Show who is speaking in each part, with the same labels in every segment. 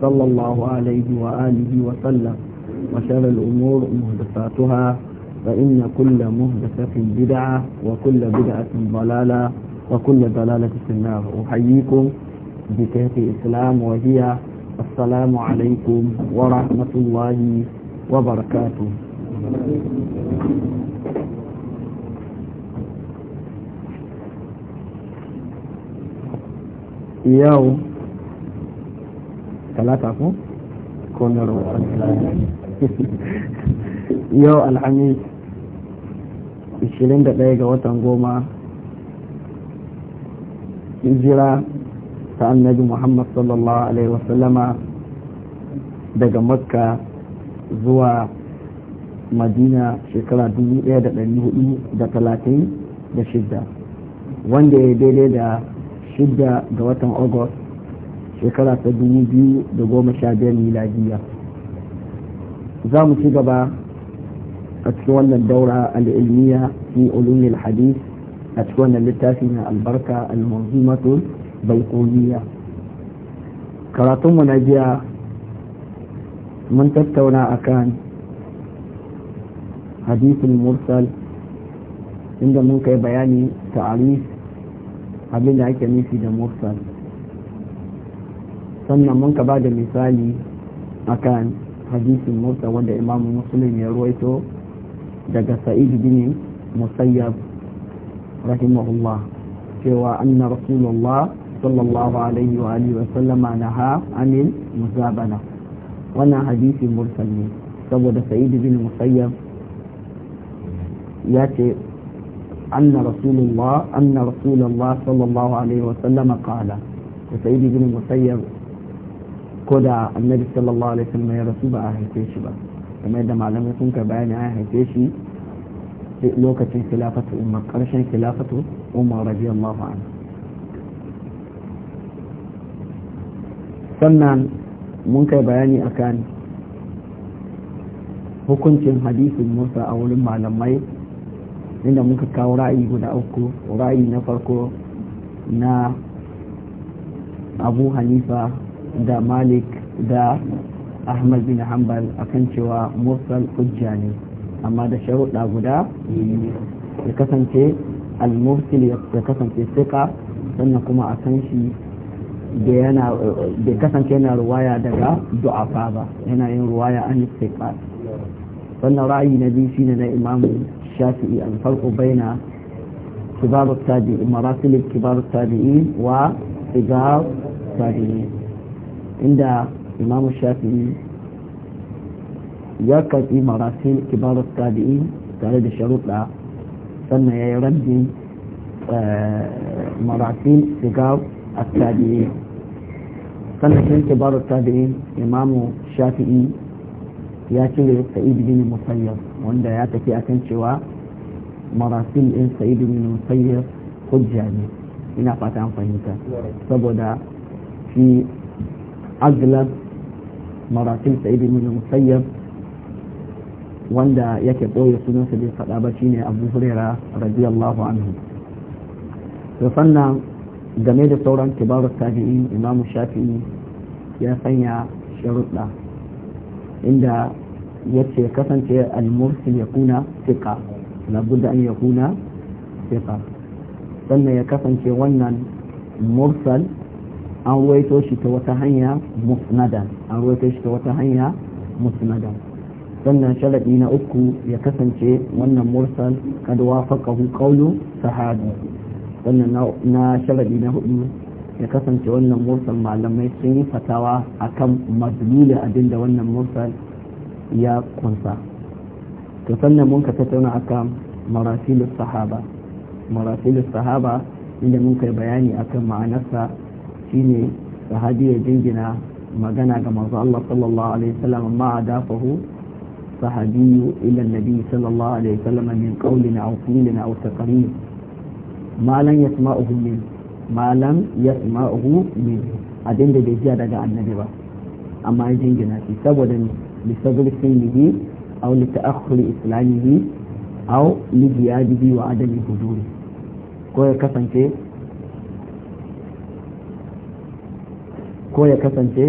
Speaker 1: صلى الله عليه وآله وسلم وشر الأمور مهدفاتها فإن كل مهدفة بدعة وكل بدعة ضلالة وكل ضلالة في النار أحييكم بكهف الإسلام وهي السلام عليكم ورحمة الله وبركاته اليوم talata ko ko na yau alhamis ishirin da 21 ga watan goma hijira ta annabi muhammad sallallahu alaihi wasallama daga makka zuwa madina shekara 1436 wanda ya daidai da shidda ga watan august shekara ta dubu biyu da goma sha biyar miladiya za mu ci gaba a cikin wannan daura al'ilmiya fi ulumin hadis a cikin wannan littafi na albarka al-manzumatu balkoniya karatunmu na jiya mun tattauna akan hadisin mursal inda mun kai bayani ta'arif abin da ake nufi da mursal sannan mun ka ba da misali akan hadisin murta wanda imam muslim ya ruwaito daga sa'id bin musayyab rahimahullah cewa anna rasulullah sallallahu alaihi wa alihi wa sallama naha anil muzabana wannan hadisi mursal ne saboda sa'id bin musayyab ya ce anna rasulullah anna rasulullah sallallahu alaihi wa sallama qala sa'id bin musayyab ko da annabi sallallahu alaihi wasallam ya rasu ba a haife shi ba kamar da malamai sun ka bayani a haife shi lokacin khilafatu umar karshen khilafatu umar radiyallahu anhu sannan mun kai bayani akan hukuncin hadisin musa a wurin malamai inda muka kawo ra'ayi guda uku ra'ayi na farko na abu hanifa da malik da ahmad bin hanbal akan cewa mursal hujja ne amma da sharuɗa guda ya kasance al-mursal ya kasance sika sannan kuma a san shi da kasance yana ruwaya daga du'afa ba yana yin ruwaya an istiqat sannan ra'ayi na biyu shine na imam shafi'i al farqu baina kibar tabi'in marasil kibar tabi'in wa sigar tabi'in inda imam shafi'i ya karɓi marasil kibar tabi'in tare da sharuɗa sannan ya yi rabbi eh, marasil sigar tabi'in sannan shi kibar tabi'in imam shafi'i ya cire sa'id bin musayyar wanda ya tafi a kan cewa marasil ɗin sa'id bin musayyar hujja ne ina fata an fahimta saboda shi أغلب مراتب سعيد بن المسيب wanda yake ɓoye sunansa bai faɗa ba shine abu hurera radiyallahu anhu to sannan game da sauran kibarun tabi'in imamu shafi'i ya sanya sharuɗa inda ya ce kasance al-mursil ya kuna fiƙa labudda an ya kuna fiƙa sannan ya kasance wannan mursal an ruwaito shi ta wata hanya musnadan an ruwaito shi ta wata hanya musnadan sannan sharadi na uku ya kasance wannan mursal kad wafaqahu qawlu sahabi sannan na sharadi na hudu ya kasance wannan mursal malamai sun yi fatawa akan madlulin abin da wannan mursal ya kunsa to sannan mun ka tattauna akan marasilus sahaba marasilus sahaba inda mun kai bayani akan ma'anarsa shine sahabi ya jingina magana ga manzo Allah sallallahu alaihi wasallam ma adafahu sahabi ila nabi sallallahu alaihi wasallam min qawlin aw qilin aw taqrir ma lan yasma'uhu min ma lam yasma'uhu min abin da bai jiya daga annabi ba amma ya jingina shi saboda li sabri sinnihi aw li ta'akhkhuri islamihi aw li jihadihi wa adami huduri ko ya kasance ko ya kasance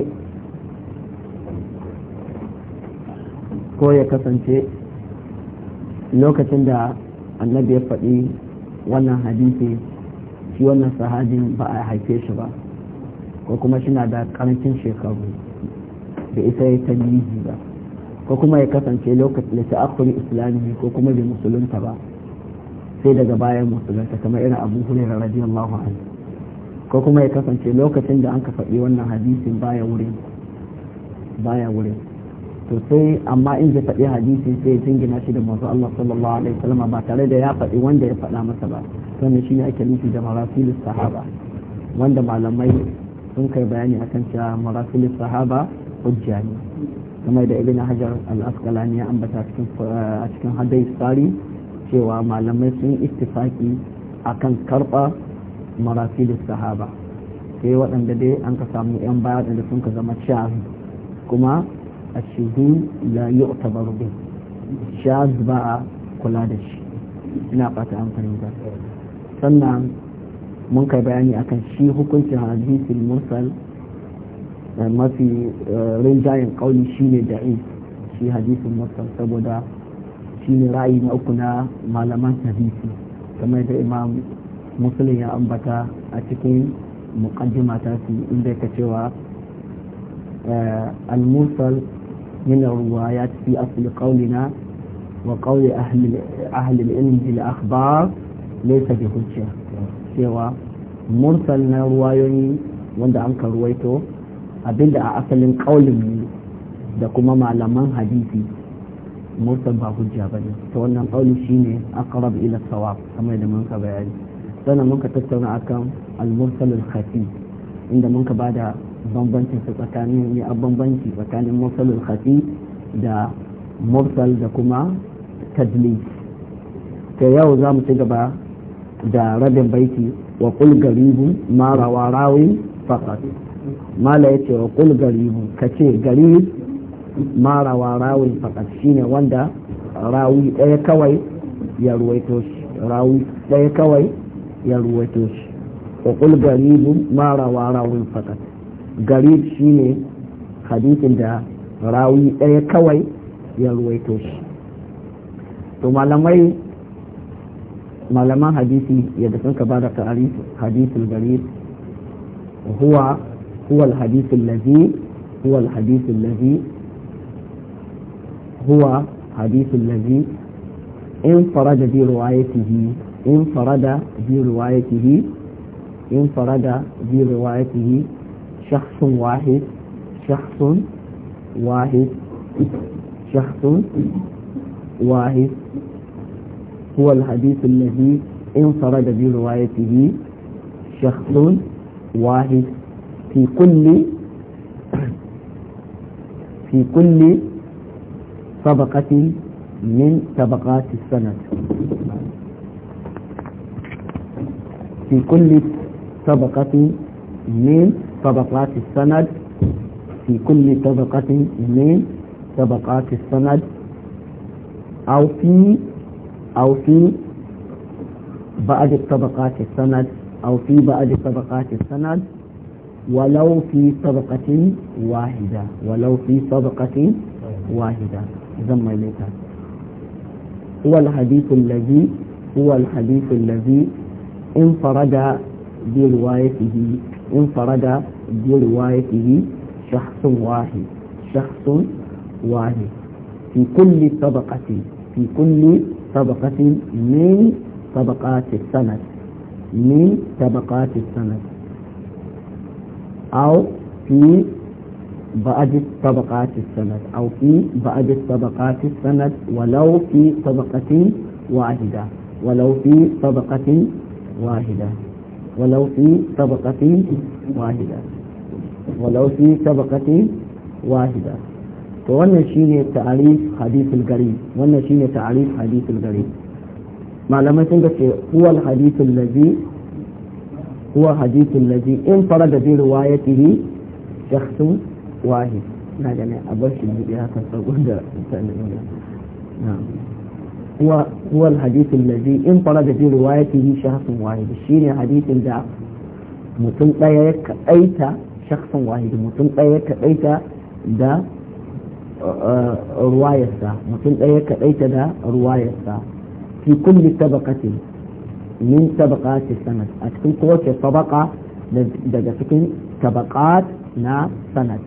Speaker 1: ko ya kasance lokacin da annabi ya faɗi wannan hadisi shi wannan sahabin ba a haife shi ba ko kuma shi na da karancin shekaru da isa ya talibi ba ko kuma ya kasance lokacin da ta ta'akkuri islami ko kuma bai musulunta ba sai daga bayan musulunta kamar irin abu hurairar radiyallahu anhu ko kuma ya kasance lokacin da an ka faɗi wannan hadisin baya wurin baya wurin to sai amma in zai faɗi hadisi sai ya jingina shi da manzo Allah sallallahu alaihi wasallam ba tare da ya faɗi wanda ya faɗa masa ba sannan shi ne ake nufi da marasilus sahaba wanda malamai sun kai bayani akan cewa marasilus sahaba hujja ne kamar da ibn hajar al-asqalani ya ambata a cikin hadith sari cewa malamai sun ittifaki akan karba marafilis sahaba sai waɗanda dai an ka samu yan baya waɗanda sun ka zama shazi kuma a shihu la yu'tabar bi shaz ba a kula da shi ina fata an fahimta sannan mun kai bayani akan shi hukuncin hadisin mursal eh, mafi eh, rinjayen kauli shine da'i shi hadisin mursal saboda shine ra'ayi na uku na malaman hadisi kamar da imam musulun ya ambata a cikin muqaddima ta su inda ka cewa eh, al-mursal min ar-riwayat fi asl qawlina wa qawli ahli ahli al-ilm bil akhbar laysa bi hujja cewa mursal na ruwayoyi wanda an ka ruwaito abinda a asalin kaulin ne da kuma malaman hadisi mursal ba hujja bane to wannan kauli shine aqrab ila sawab kamar da mun ka bayani sannan ka tattauna akan al-mursal al-khafi inda muka bada bambancin su tsakanin ne a bambanci tsakanin mursal al-khafi da mursal da kuma tadli ta yau za mu ci gaba da rabin baiki wa kul garibu ma rawa rawi faqat mala yace wa kul garibu kace garib ma rawa rawi faqat shine wanda rawi ɗaya kawai ya ruwaito shi rawi ɗaya kawai ya ruwaito shi wa kul garibun ma rawa rawun fakat garib shine hadisin da rawi ɗaya kawai ya ruwaito shi to malamai malaman hadisi yadda sun ka ba da ta'arif hadisul garib huwa huwa al-hadith allazi huwa al-hadith allazi huwa hadith allazi in faraja bi riwayatihi انفرد بروايته انفرد بروايته شخص واحد شخص واحد شخص واحد هو الحديث الذي انفرد بروايته شخص واحد في كل في كل طبقة من طبقات السند في كل طبقة من طبقات السند في كل طبقة من طبقات السند أو في أو في بعض طبقات السند أو في بعض طبقات السند ولو في طبقة واحدة ولو في طبقة واحدة زم إليك هو الحديث الذي هو الحديث الذي انفرد بروايته انفرد بروايته شخص واحد شخص واحد في كل طبقة في كل طبقة من طبقات السند من طبقات السند أو في بعض طبقات السند أو في بعض طبقات السند ولو في طبقة واحدة ولو في طبقة واحدة ولو في طبقة واحدة ولو في طبقة واحدة wannan shine ta'arif hadithul garib wannan shine ta'arif hadithul garib malamai sun ga ce huwa hadithul ladhi huwa hadithul ladhi in farada bi riwayatihi shakhsun wahid na ga ne a bar shi haka هو هو الحديث الذي انطلق في روايته شخص واحد شين حديث دا متن دايا كايتا شخص واحد متن دايا كايتا دا روايته متن دايا كايتا دا روايته في كل طبقة من طبقات السند أتكون قوة طبقة daga cikin tabakat na sanad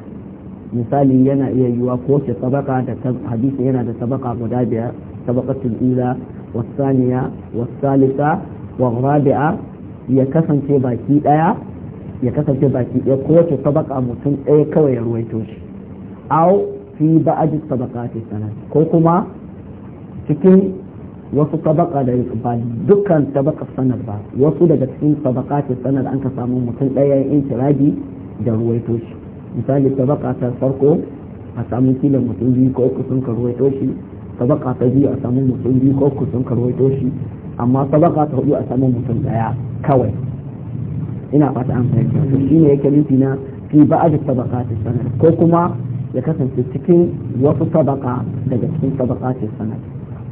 Speaker 1: misali yana iya yiwa ko ce tabaka da hadisi yana da tabaka guda biyar الطبقة الأولى والثانية والثالثة والرابعة ya kasance baki daya ya kasance baki daya kowace tabaka mutum ɗaya kawai ya ruwaito shi au fi ba'aji tabaqati sanan ko kuma cikin wasu tabaka da ba dukkan tabaka sanar ba wasu daga cikin tabaqati sanar an ka samu mutum ɗaya ya rabi da ruwaito shi misali tabaka ta farko a samu mutum biyu ko uku sun ka ruwaito shi sabaka ta biyu a samu mutum biyu ko ku sun karwaito shi amma sabaka ta hudu a samu mutum daya kawai ina fata an fahimta to shine yake nufi na fi ba'd sabaqati sanad? ko kuma ya kasance cikin wasu sabaka daga cikin sabaqati sanar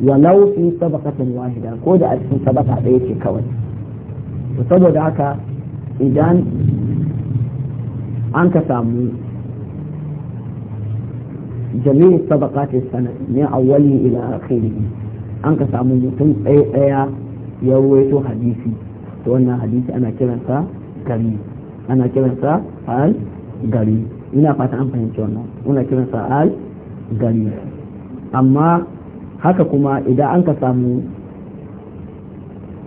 Speaker 1: walau fi sabaqatin wahida ko da a cikin sabaka daya ce kawai to saboda haka idan an ka samu jami'in sabaqatis sanad ne awwali ila akhirih an ka samu mutum ɗaya ɗaya ya ruwaito hadisi to wannan hadisi ana kiransa gari ana kiransa al gari ina fata an fahimci wannan ana kiransa al gari amma haka kuma idan an ka samu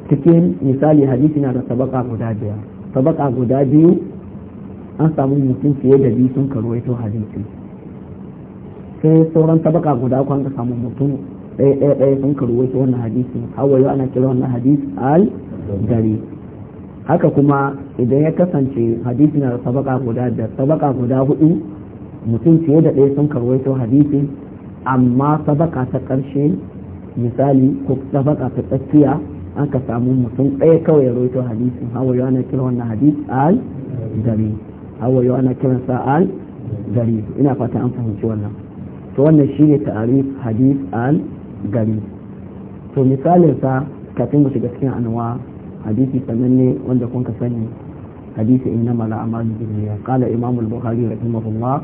Speaker 1: cikin misali hadisi na da sabaka guda biyar sabaka guda biyu an samu mutum fiye da biyu sun karuwaito hadisi sai sauran tabaka guda ku an ka samu mutum ɗaya ɗaya ɗaya sun karu wasu wannan hadisi hawayo ana kira wannan hadisi al gari haka kuma idan ya kasance hadisi na tabaka guda da tabaka guda hudu mutum fiye da ɗaya sun wasu hadisi amma tabaka ta ƙarshe misali ko tabaka ta tsakiya an ka samu mutum ɗaya kawai ya rawaito hadisi hawa yau ana kira wannan hadisi al gari hawa yau ana kiransa al gari ina fata an fahimci wannan to wannan ne ta'arif hadith al gari to misalin sa kafin mu shiga cikin anwa hadisi sananne wanda kun ka sani hadisi innama la amal dunya qala imam al-bukhari rahimahullah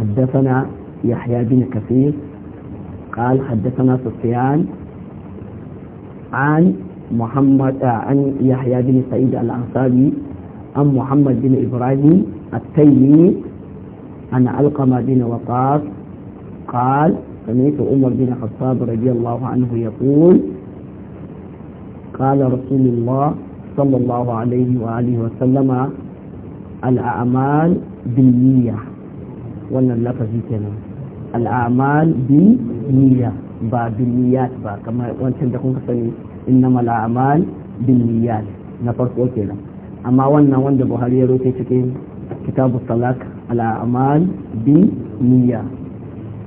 Speaker 1: haddathana yahya bin kathir قال حدثنا سفيان عن محمد عن يحيى بن سعيد الأنصاري عن محمد بن إبراهيم التيمي عن علقمة بن وقاص قال سمعت عمر بن الخطاب رضي الله عنه يقول قال رسول الله صلى الله عليه وآله وسلم الأعمال بالنية ولا اللفظ كنا الأعمال بالنية با بالنيات با كما وانتم تكون كسني إنما الأعمال بالنيات نفرق كنا أما وانا وانا بوهاري روتي تكين كتاب الطلاق الأعمال بالنية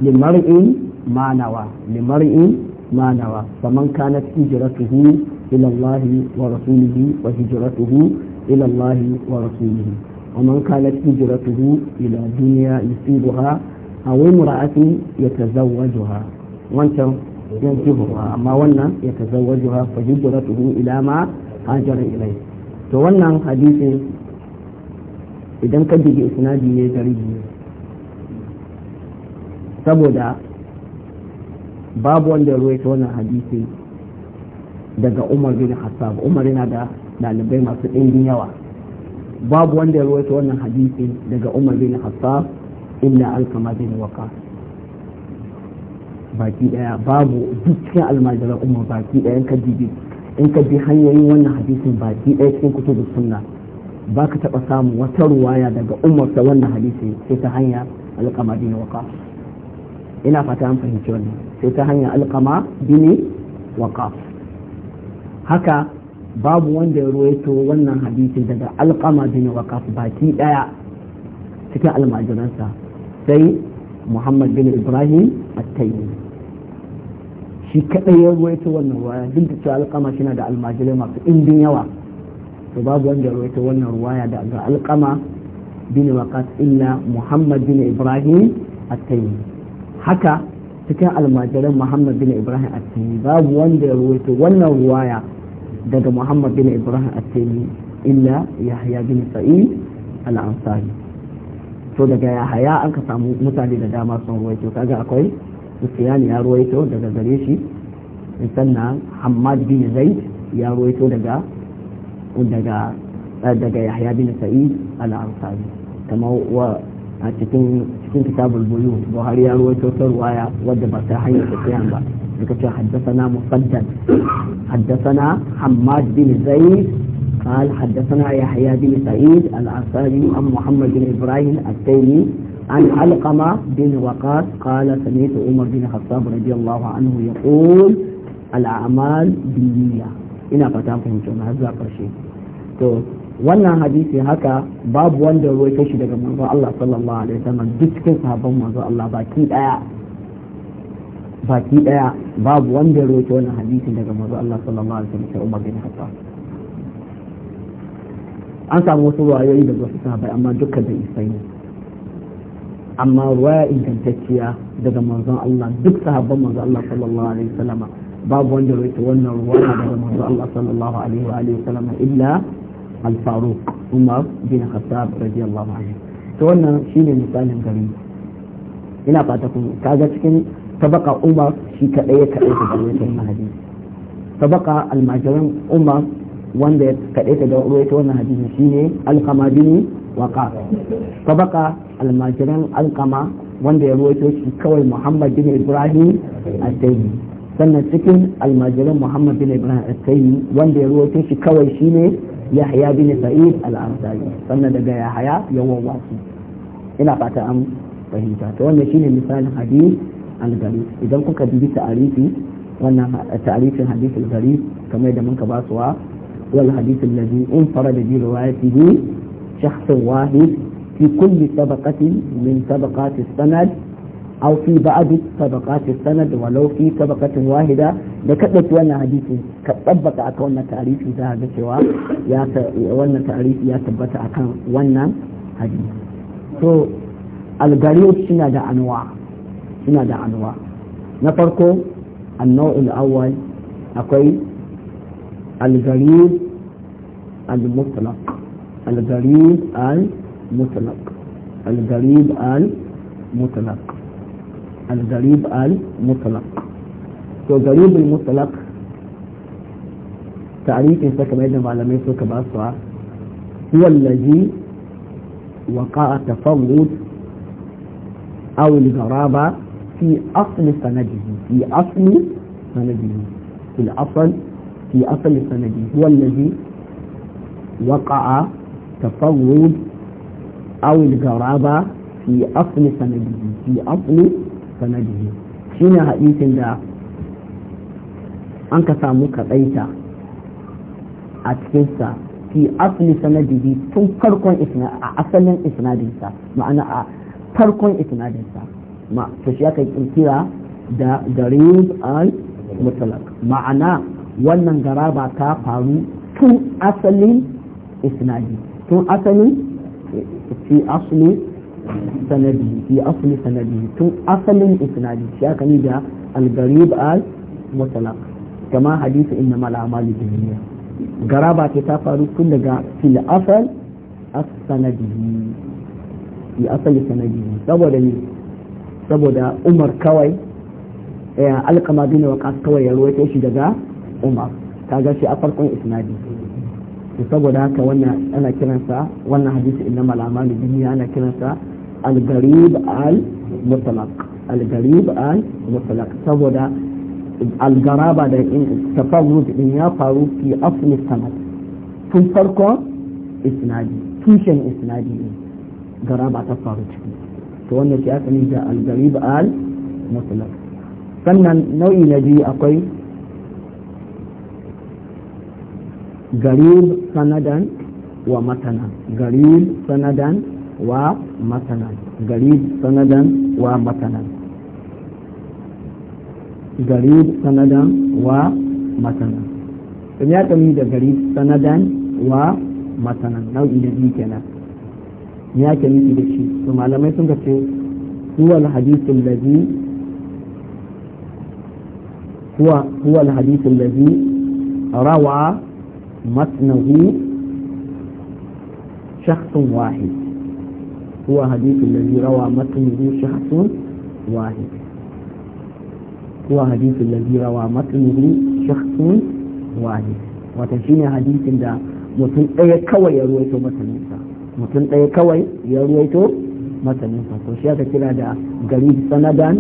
Speaker 1: limar'in manawa limar'in manawa faman kanat hijratuhu ila Allah wa rasulihi wa hijratuhu ila Allah wa rasulihi ومن كانت هجرته إلى دنيا يصيبها أو امرأة يتزوجها وانت ينكحها أما وانا يتزوجها فهجرته إلى ما هاجر إليه تو wannan hadisi idan ka bige isnadi ne dari saboda babu wanda ya ta wannan hadisi daga umar bin hassan umar yana da dalibai masu ɗingin yawa babu wanda ya ta wannan hadisi daga umar bin hassan illa alkama bin waka baki daya babu dukkan almajiran umar baki daya in ka bibi in ka bi hanyoyin wannan hadisin baki daya cikin kutubu sunna ba ka taɓa samun wata ruwaya daga umar ta wannan hadisi sai ta hanya alkama bin waka ina fata an fahimci wannan sai ta hanyar alkama bini wa qaf haka babu wanda ya ruwaito wannan hadisi daga alkama bini wa qaf baki daya cikin almajiransa sai muhammad bin ibrahim at shi kadai ya ruwaito wannan ruwaya duk da cewa alkama shi na da almajirai masu indin yawa to babu wanda ya ruwaito wannan ruwaya daga alkama bin waqas illa muhammad bin ibrahim at haka cikin almajiran muhammad bin ibrahim attini babu wanda ya rawaito wannan ruwaya daga muhammad bin ibrahim attini illa yahya bin sa'id al-ansari to daga Yahya an ka samu mutane da dama sun ruwaito kaga akwai sufyan ya ruwaito daga gare shi sannan hammad bin zaid ya ruwaito daga daga daga yahya bin sa'id al-ansari kamar wa a cikin cikin kitabul buyu buhari ya ruwaito ta ruwaya wadda ba ta hanyar tafiyan ba suka ce haddasana musaddad haddasana bin zaid قال حدثنا يحيى بن سعيد العساري عن محمد بن ابراهيم التيمي عن علقمة بن وقاص قال سمعت عمر بن الخطاب رضي الله عنه يقول الأعمال بالنية إن فتاة فهمتم هذا قرشي wannan hadisi haka babu wanda ruwa ta shi daga manzo Allah sallallahu alaihi wasallam duk cikin sahabban manzo Allah baki daya baki daya babu wanda ruwa ta wannan hadisi daga manzo Allah sallallahu alaihi wasallam sai Umar bin Khattab an samu wasu ruwayoyi da wasu sahabbai amma dukkan da isai ne amma ruwaya ingantacciya daga manzon Allah duk sahabban manzon Allah sallallahu alaihi wasallam babu wanda ruwa ta wannan ruwaya daga manzon Allah sallallahu alaihi wasallam illa al-faruq umar bin khattab radiyallahu anhu to wannan shine misalin gari ina fata kun kaga cikin tabaka umar shi kadai ya kadai ta ruwaito wannan hadisi tabaka almajiran umar wanda ya kadai ta ruwaito wannan hadisi shine alqama bin waqa tabaka almajiran alqama wanda ya ruwaito shi kawai muhammad bin ibrahim al-taymi sannan cikin almajiran muhammad bin ibrahim al-taymi wanda ya ruwaito shi kawai shine yahya bin sa'id al-ansari sannan daga yahya yawan wasu ina fata an fahimta to wannan shine misalin hadith al-gharib idan kuka dubi ta'arifi wannan ta'arifin hadith al-gharib kamar da muka ba su wa wal hadith alladhi infarada bi riwayatihi shakhs wahid fi kulli sabaqatin min tabaqati sanad أو في بعض طبقات السند ولو في طبقة واحدة لكتبت وانا حديثي كتبت أكون وانا تعريفي ذا هكذا يا وانا تعريفي يا تبت أكا وانا حديث so الغريب شنا دا أنواع شنا دا أنواع نفرقو النوع الأول أقول الغريب المطلق الغريب المطلق الغريب المطلق الغريب المطلق تو غریب المطلق تعریف اس کا میں والا میں سو کا هو الذي وقع تفوض او الغرابه في اصل سنده في اصل سنده في الاصل في اصل سنده هو الذي وقع تفوض او الغرابه في اصل سنده في اصل سنجي. sanadihi shine hadisin da an ka samu kaɗaita a cikinsa fi asli sanadihi tun farkon a asalin isnadinsa ma'ana a farkon isnadinsa ma to shi aka kira da garib al mutalak ma'ana wannan garaba ta faru tun asalin isnadi tun asalin fi asli sanadi fi asli sanadi tun asalin isnadi shi aka ni da al-gharib al-mutlaq kama hadisi inna mal bi-niyyah garaba ce ta faru tun daga fil asal as-sanadi fi asli sanadi saboda ni saboda Umar kawai eh, alkama bin waqas kawai ya ruwaito shi daga Umar kaga shi a farkon isnadi saboda haka wannan ana kiransa wannan hadisi inna mal bi-niyyah ana kiransa al-garib al-mutlaq al al-mutlaq saboda al-garaba da tafarruz din ya faru fi asli sanad tun farko isnadi tushen isnadi ne garaba ta faru ciki to wannan shi aka da al-garib al-mutlaq sannan na biyu akwai garib sanadan wa matanan garib sanadan wa matanan gari sanadan wa matanan gari sanadan wa matanan in ya tsammi da gari sanadan wa matanan nau'i da biyu kenan ya ke nufi da shi su malamai sun ce huwa alhadisun lazi huwa alhadisun lazi rawa matnahu shakhsun wahid هو حديث الذي روى متنه شخص واحد هو حديث الذي روى متنه شخص واحد وتشين حديث دا mutum ɗaya kawai ya ruwaito masaninsa mutum ɗaya kawai ya ruwaito masaninsa to shi aka kira da gari sanadan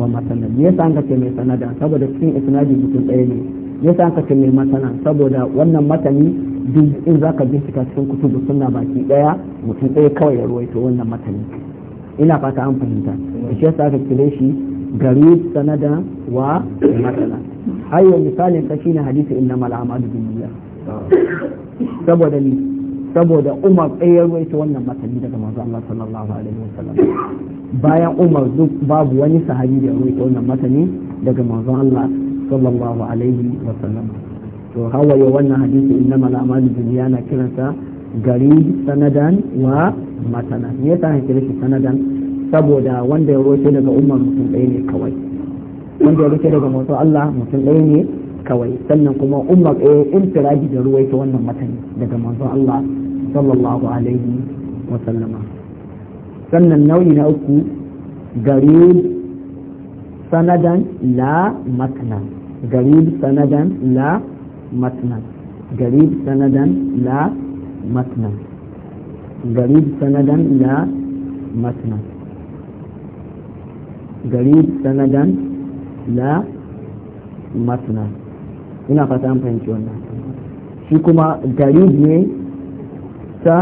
Speaker 1: wa masanan me yasa aka mai sanadan saboda cikin isnadi mutum ɗaya ne me yasa aka mai masana saboda wannan matani duk in za ka bincika cikin kutubu suna baki ɗaya mutum daya kawai ya ruwaito wannan matanin ina fata an fahimta shi yasa ka kire shi gari sanada wa matsala har yau misalin ka shine hadisi inna mal amalu bin saboda ni saboda Umar ɗaya ruwaito wannan matani daga manzo Allah sallallahu alaihi wasallam bayan Umar duk babu wani sahabi da ruwaito wannan matani daga manzo Allah sallallahu alaihi wasallam to hawaye wannan hadisi mala amalu duniya na kiransa gari sanadan wa matana me yasa an kira shi sanadan saboda wanda ya roce daga umar mutum ɗaya ne kawai wanda ya roce daga mutum Allah mutum ɗaya ne kawai sannan kuma umar ɗaya eh, firaji da ruwaita wannan matani daga manzon Allah sallallahu alaihi wa sallama sannan nau'i na uku gari sanadan la matana gari sanadan la matnan garib sanadan la matnan garib sanadan la matnan garib sanadan la matnan ina fata an fahimci wannan shi kuma garib ne ta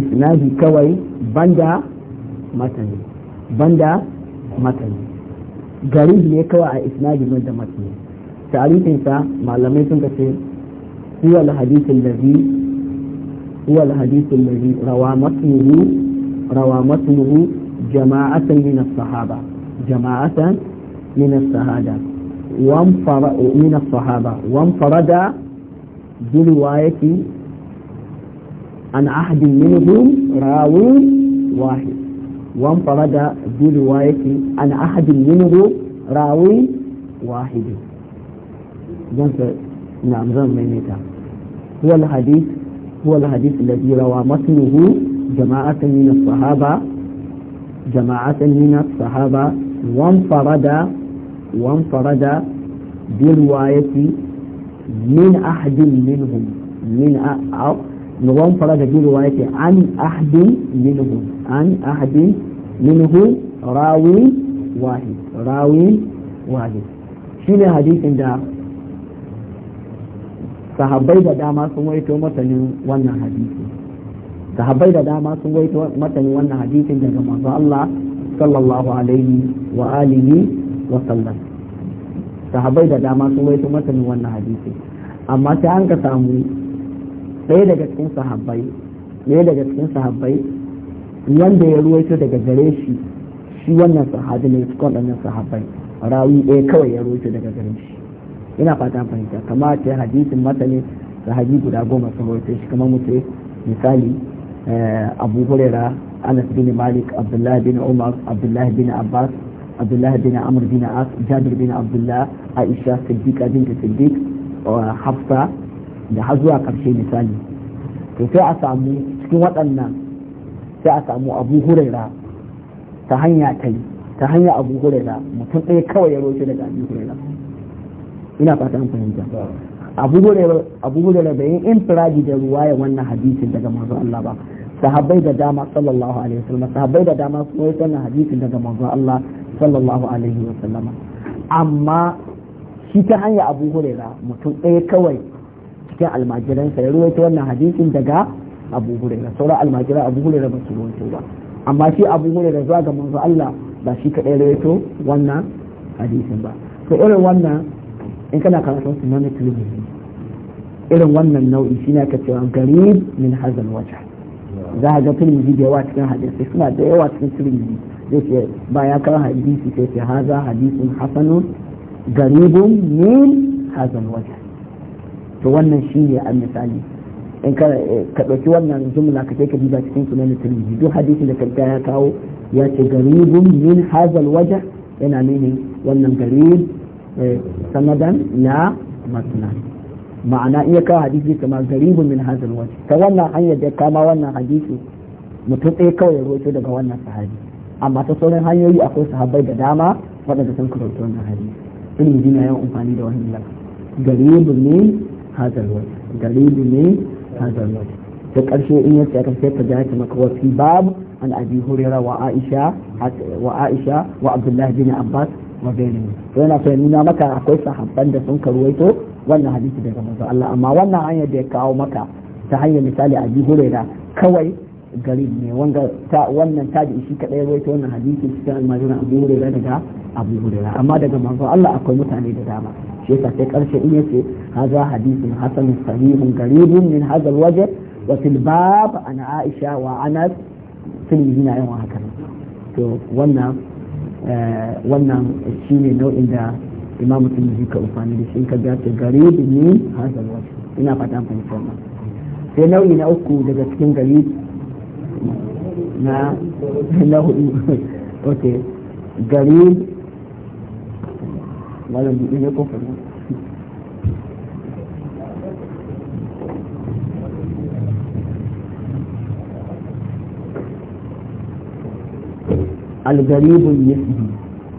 Speaker 1: isnadi kawai banda matani banda matani garib ne kawai a isnadi banda matani تعريفك مع لميتك هو الحديث الذي هو الحديث الذي روى مسلمه روى مسلمه جماعة من الصحابة جماعة من الصحابة من الصحابة وانفرد برواية عن أحد منهم راوي واحد وانفرد برواية عن أحد منهم راوي واحد زنك نعم زن ميتا هو الحديث هو الحديث الذي روى متنه جماعة من الصحابة جماعة من الصحابة وانفرد وانفرد برواية من أحد منهم من أو وانفرد برواية عن أحد منهم عن أحد منه راوي واحد راوي واحد شنو حديث ده sahabbai da dama sun waito matanin wannan hadisi sahabbai da dama sun waito matanin wannan hadisin daga manzo Allah sallallahu alaihi wa alihi wa sallam sahabbai da dama sun waito matanin wannan hadisi amma sai an ka samu ɗaya daga cikin sahabbai ɗaya daga cikin sahabbai wanda ya ruwaito daga gare shi shi wannan sahabi ne cikin wannan sahabbai rawi ɗaya kawai ya ruwaito daga gare shi ina fata fahimta kama ce hadisin da sahabi guda goma sun rawaito shi kamar mutu misali eh, abu huraira anas bin malik abdullah bin umar abdullah bin abbas abdullah bin amr bin as jabir bin abdullah aisha siddiqa bint siddiq hafsa da har zuwa karshe misali to sai a samu cikin waɗannan sai a samu abu huraira ta hanya ta hanya abu huraira mutum ɗaya kawai ya roce daga abu huraira ina fata an fahimta abubuwa da bai in firaji da ruwa ya wannan hadisin daga manzo Allah ba sahabbai da dama sallallahu alaihi wasallam sahabbai da dama sun yi wannan hadisin daga manzo Allah sallallahu alaihi wasallam amma shi ta hanya abu hurairar mutum ɗaya kawai cikin almajiransa ya ruwaito wannan hadisin daga abu hurairar sauran almajiran abu hurairar ba su ruwaito ba amma shi abu hurairar zuwa ga manzo Allah ba shi kaɗai ruwaito wannan hadisin ba to irin wannan in kana karatun su na mutum irin wannan nau'i shi ne aka cewa garib min hazan wata za a ga turmizi da yawa cikin hadisi suna da yawa cikin turmizi zai ce ba ya kawo hadisi sai ce haza hadisun hasanun garibun min hazan wata to wannan shi ne a misali in ka ɗauki wannan jumla ka ka diba cikin sunan turmizi duk hadisin da kanka ya kawo ya ce garibun min hazal waja yana nuni wannan garib Eh, sanadan na masna ma'ana iya kawo hadisi kamar garibin min hazin wani ta wannan hanyar da kama wannan hadisi mutum ɗaya kawai ya roƙo daga wannan sahabi amma ta sauran hanyoyi akwai sahabbai da dama waɗanda sun karanta wannan hadisi ilimi dina yawan amfani da wannan lafa garibin min hazin wani garibin min hazin wani ta ƙarshe in yace aka sai ka jaci maka wasu babu an abi hurera wa aisha wa aisha wa abdullahi bin abbas wa to yana so nuna maka akwai sahabban da sun karuwaito wannan hadisi daga manzo Allah amma wannan hanyar da ya kawo maka ta hanyar misali a bi hurera kawai gari ne ta wannan taji shi kadai rawaito wannan hadisi cikin almajiran abu hurera daga abu hurera amma daga manzo Allah akwai mutane da dama shi yasa sai karshe in yace haza hadisin hasan sahihun garibun min hadha alwajh wa fil bab ana aisha wa anas fil hina yawan haka to wannan Eh, wannan shi ne nau'in da imamu yi ka amfani da shi ka ga ta gari da ni hazal wasu ina fata amfani fahimta wannan sai nau'i na uku daga cikin gari na na hudu ok gari malam buɗe ne kofar fahimta الغريب النسبي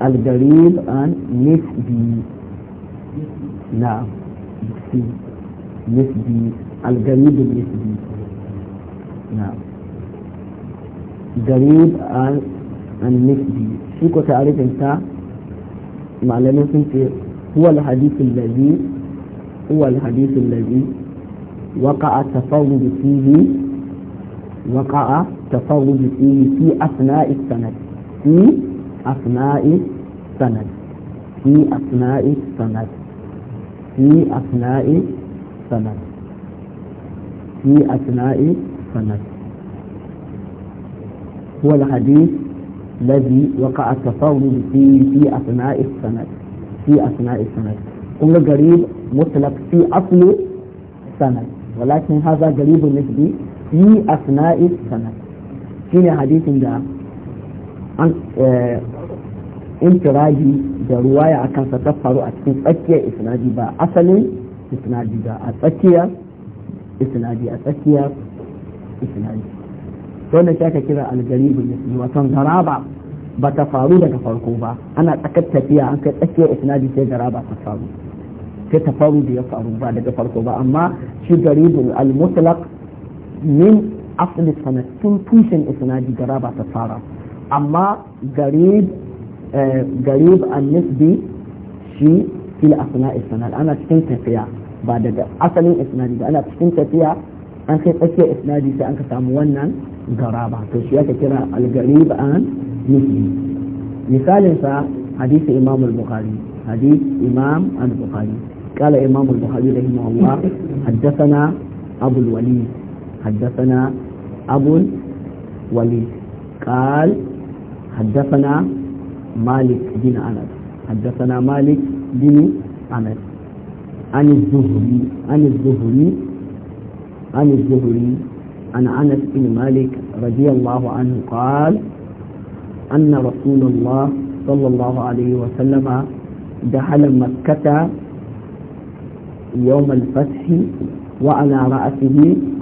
Speaker 1: الغريب النسبي نعم نسبي الغريب النسبي نعم غريب النسبي شو تعرف انت معلمين أنت هو الحديث الذي هو الحديث الذي وقع التفاوض فيه وقع التفاوض فيه في أثناء السنة في أثناء سند في أثناء سند في أثناء سند في أثناء سند هو الحديث الذي وقع التفاوض في في أثناء السند في أثناء السند قلنا قريب مطلق في أصل السند ولكن هذا قريب نسبي في أثناء السند في حديث ده Eh, intiraji da ruwaya a kansa ta faru a cikin tsakiyar isnadi ba asalin isnadi ba a tsakiyar isnadi a tsakiyar isnadi wannan shi aka kira algaribin misli wato garaba ba ta faru daga farko ba ana tsakar tafiya an kai tsakiyar isnadi sai garaba ta faru sai ta faru da ya faru ba daga farko ba amma shi garibin al min asli sanad tun tushen isnadi garaba ta fara أما قريب آه قريب النسبي في في أثناء السنة أنا cikin tafiya ba daga asalin isnadi ba ana cikin tafiya an kai tsakiyar isnadi sai an ka samu wannan garaba to shi aka kira al-garib an nisbi misalin sa hadisi imam al-bukhari hadith imam al-bukhari قال إمام البخاري رحمه الله حدثنا أبو الوليد حدثنا أبو الوليد قال حدثنا مالك بن أنس حدثنا مالك بن أنس عن الزهري عن الزهري عن الزهري عن أنس بن مالك رضي الله عنه قال أن رسول الله صلى الله عليه وسلم دخل مكة يوم الفتح وعلى رأسه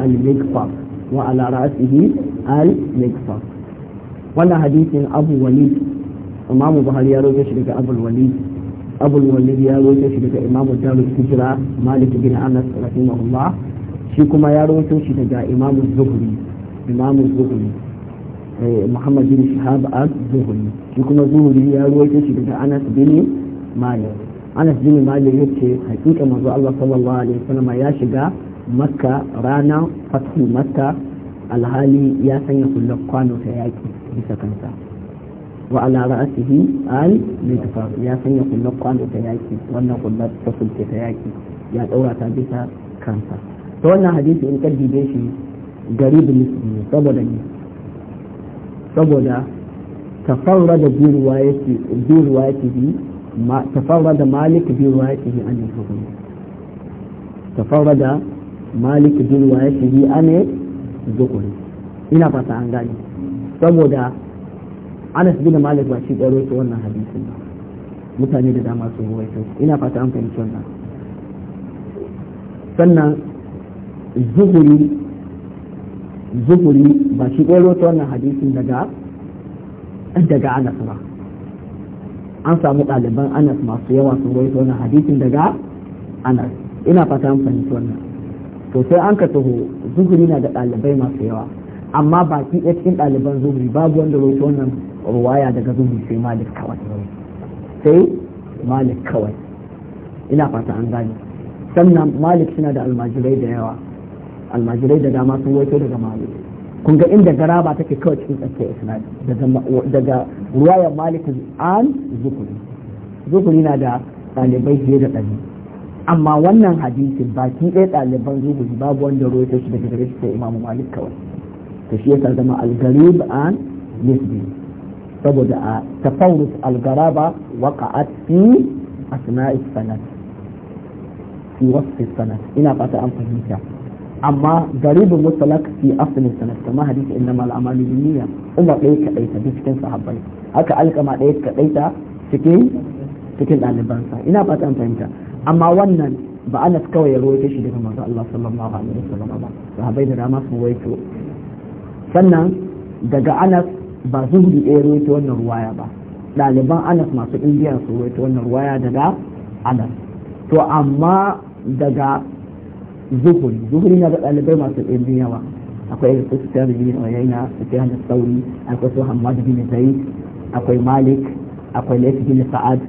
Speaker 1: المقفر وعلى رأسه المقفر wannan hadisin abu Wali imamu buhari ya roƙe shi daga abu walid abu walid ya roƙe shi daga imamu darul hijra malik bin anas rahimahullah shi kuma ya roƙe shi daga imamu zuhri imamu zuhri eh, muhammad bin shihab az-zuhri shi kuma zuhri ya roƙe shi daga anas bin malik anas bin malik ce hakika manzo Allah sallallahu alaihi wasallam ya shiga makka rana fathu makka alhali ya sanya kullum kwano ta yaki bisa kansa wa ala ra'asihi al mitfar ya sanya kullar kwano ta yaki wannan kullar ta sulke ta yaki ya daura ta bisa kansa to wannan hadisi in kaddi dai shi gari da musulmi saboda ni saboda tafarra tafarrada bi riwayati bi riwayatihi ma tafarrada malik bi riwayatihi an al tafarra da malik bi riwayatihi an al-hukm ina fata an gani saboda anas bin malik ba shi tsaro su wannan hadisin ba mutane da dama su ruwaito ina fata an fahimci wannan sannan zuhuri zuhuri ba shi tsaro su wannan hadisin daga daga anas ba an samu ɗaliban anas masu yawa su ruwaito wannan hadisin daga anas ina fata an fahimci wannan to sai an ka taho zuhuri na da ɗalibai masu yawa amma baki ɗaya cikin ɗaliban zuhri babu wanda roƙi wannan ruwaya daga zuhri sai malik kawai sai malik kawai ina fata an gane sannan malik suna da almajirai da yawa almajirai da dama sun waito daga malik kun ga inda garaba take kawai cikin tsakiyar isnad daga ruwayar malik an zukuri zukuri na da ɗalibai fiye da ɗari amma wannan hadisin baki ɗaya ɗaliban zukuri babu wanda roƙi shi daga gare shi sai imamu malik kawai to shi yasa zama al-garib an nisbi saboda a tafawus Algaraba garaba waqa'at fi asna'i sanad fi wasfi sanad ina fata an fahimta amma garibin mutalak fi asalin sanad kamar hadisi inna mal duniya niyya umar ɗaya kaɗai ta cikin sahabbai haka alkama ɗaya kaɗai ta cikin cikin ɗalibansa ina fata an fahimta amma wannan ba anas kawai ya rawaito shi daga manzo Allah sallallahu alaihi wasallam ba sahabbai da dama sun rawaito sannan daga anas ba zuhri ɗaya ta wannan ruwaya ba ɗaliban anas masu indiya su ta wannan ruwaya daga anas to amma daga zuhuri zuhuri na ga ɗalibai masu indiya yawa akwai su sufiyar na su ta sauri akwai su hamad bin zaid akwai malik akwai laifin bin sa'ad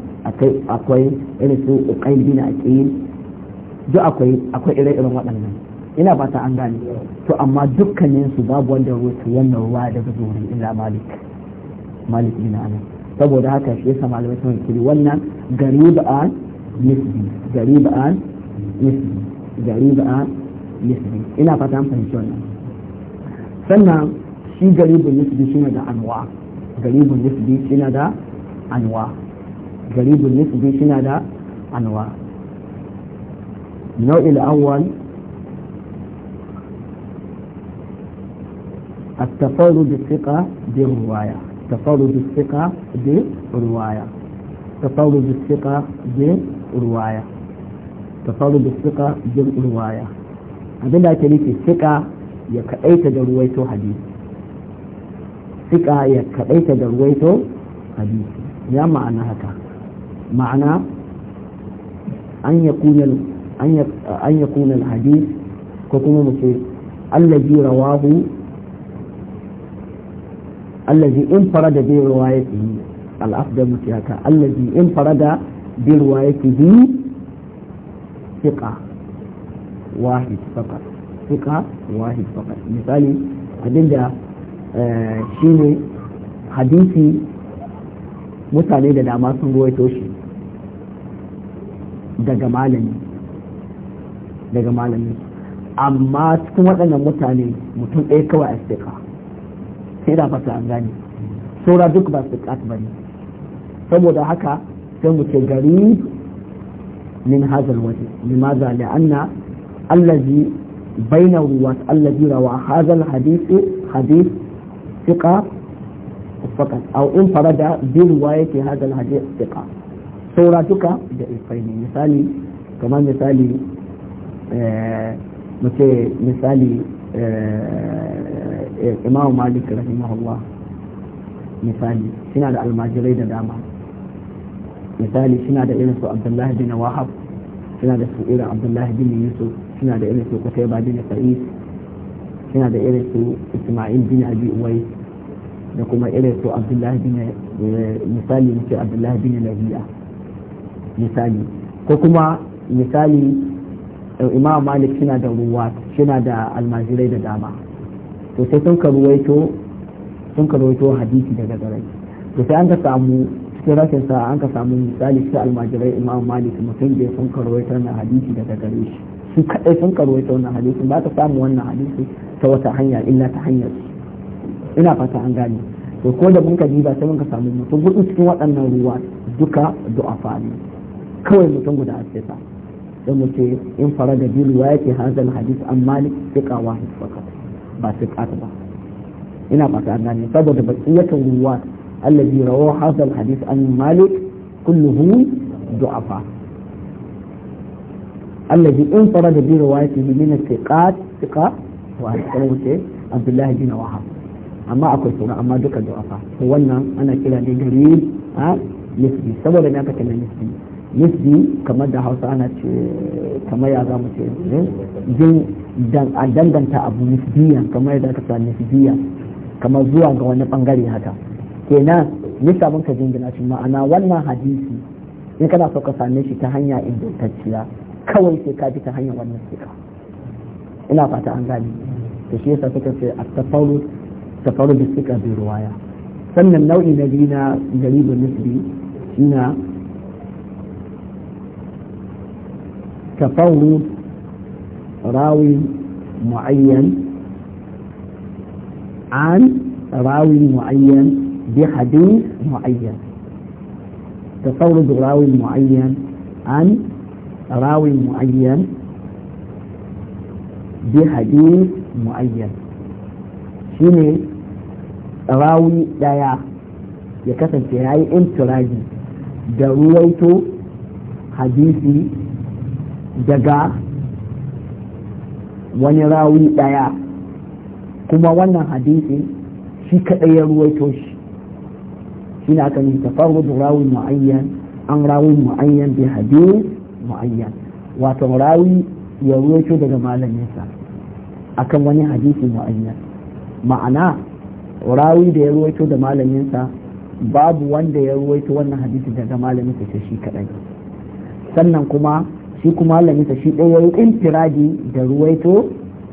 Speaker 1: akwai irin su uqayl bin aqil duk akwai akwai ire-iren waɗannan ina ba ta an gane to amma dukkanin su babu wanda rutu wannan ruwa daga zuri illa malik malik bin anas saboda haka shi yasa malamai sun kiri wannan gari an nisbi gari an nisbi gari an nisbi ina fata an fahimci wannan sannan shi garibin nisbi shine da anwa garibin nisbi shine da anwa garibin nisbi shine da anwa nau'il awwal التفرد الثقة بالرواية تفرد الثقة بالرواية تفرد الثقة بالرواية تفرد الثقة بالرواية abin da ake nufi sika ya kaɗaita da ruwaito hadisi sika ya kaɗaita da ruwaito hadisi ya ma'ana haka ma'ana an ya kuna hadis ko kuma mu ce allazi rawahu allazi in farada bi riwayatihi al afdalu haka allazi in farada bi riwayatihi thiqa wahid faqat thiqa wahid faqat misali abinda shine hadisi mutane da dama sun ruwaito shi daga malami daga malami amma cikin waɗannan mutane mutum ɗaya kawai a istiqa ina fata an gane saura duk ba su kat bane saboda haka sai mu ce gari min hazal waje limaza la'anna allazi baina wa allazi rawa hazal hadisi hadith ثقة فقط أو انفرد برواية هذا الحديث ثقة صورتك ضعيفين مثالي كمان مثالي آه مثالي آه imam malik rahimahullah misali suna da almajirai da dama misali suna da irin su abdullahi bin wahab suna da su irin abdullahi bin yusuf suna da irin su kutaiba bin sa'is suna da irin su isma'il bin abi uwai da kuma irin su abdullahi bin misali mace abdullahi bin lahiya misali ko kuma misali imam malik suna da ruwa suna da almajirai da dama to sai sun karuwaito sun karuwaito hadisi daga garai to sai an ka samu cikin rashin sa an ka samu misali cikin almajirai imam malik mutum bai sun karuwaito na hadisi daga gare shi su kadai sun karuwaito na hadisi ba ka samu wannan hadisi ta wata hanya illa ta hanyar ina fata an gane to ko da mun ka jiba sai mun ka samu mutum hudu cikin waɗannan ruwa duka du'afa ne kawai mutum guda a sai sa sai mu ce in fara da biyu ya ce hazal hadisi an malik duka wahid fakat ba su ba ina fata an gane saboda baqiyatu ruwa allazi rawahu hasal hadith an malik kulluhu du'afa fa infarada bi riwayatihi min thiqat thiqa wa wuce abdullahi bin wahab amma akwai suna amma duka du'afa wannan ana kira ne gari a nisbi saboda me aka kira nisbi nisbi kamar da hausa ana ce kamar ya za mu ce jin dan a danganta abu nisbiyan kamar da aka sa nisbiya kamar zuwa ga wani bangare haka kenan nisabin ka jingina shi ma'ana wannan hadisi in kana so ka same shi ta hanya ingantacciya kawai sai ka bi ta hanyar wannan sika ina fata an gani to shi yasa suka ce a tafaru tafaru da sika bi ruwaya sannan nau'i na biyu na garibin nisbi na tafaru راوي معين عن راوي معين بحديث معين تفرد راوي معين عن راوي معين بحديث معين شنو راوي دايا يكتب في ya yi intiraji da ruwaito hadisi daga wani rawi ɗaya kuma wannan hadisi shi kaɗai ya ruwaito shi shi na kan tafarru da rawi mu'ayyan an rawi mu'ayyan bi hadis mu'ayyan wato rawi ya ruwaito daga malaminsa akan wani hadisi mu'ayyan ma'ana rawi da ya ruwaito da malaminsa babu wanda ya ruwaito wannan hadisi daga malaminsa shi kaɗai sannan kuma shi kuma malaminsa shi ɗaya yayi intiradi da ruwaito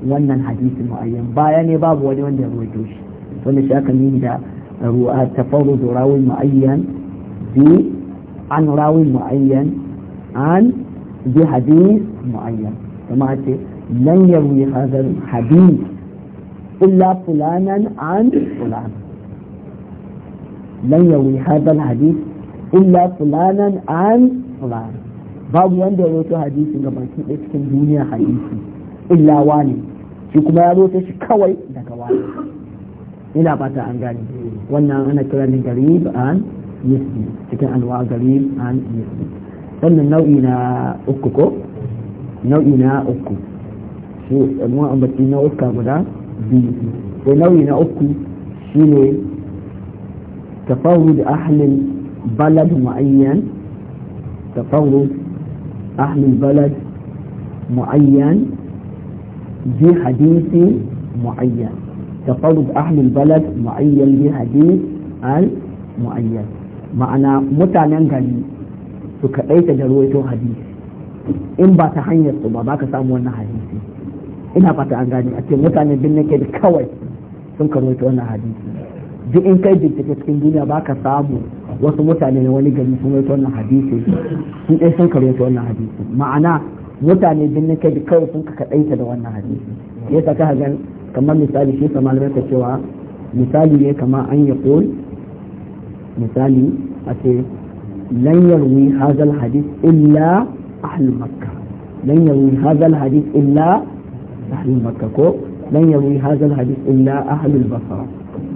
Speaker 1: wannan hadisi mu'ayyan baya ne babu wani wanda ya ruwaito shi wanda shi aka nuni da ruwa tafarrud rawi mu'ayyan bi an rawi mu'ayyan an bi hadis mu'ayyan kuma ce nan ya ruwi hadha hadis illa fulanan an fulan lan ruwi hadal hadis illa fulanan an fulan babu wanda ya roto hadisin ga baki ɗaya cikin duniya hadisi illa wani shi kuma ya roto shi kawai daga wani ina fata an gani wannan ana kira ne garib an yisbi cikin anwa garib an yisbi wannan nau'i na uku ko nau'i na uku shi mu ambaci na uku guda biyu sai nau'i na uku shine tafawud ahlin balad mu'ayyan tafawud أهل البلد معين بحديث معين تطلب أهل البلد معين بحديث المعين معنى متعنى gari su kaɗaita da hadisi in ba ta hanyar su ba ka samu wannan hadisi ina fata an gani a ce mutane bin nake kawai sun karuwaito wannan hadisi duk in kai bincike cikin duniya ba ka samu wasu mutane na wani gari sun rawaito wannan hadisi sun ɗaya sun karwaito wannan hadisi ma'ana mutane bin kai kawai sun ka kaɗaita da wannan hadisi ya sa ka gan kamar misali shi kamar ka cewa misali ne kamar an yi kul misali a ce lan yarwi hazal hadis illa ahlul makka lan yarwi hazal hadis illa ahlul makka ko lan yarwi hazal hadis illa ahlul basra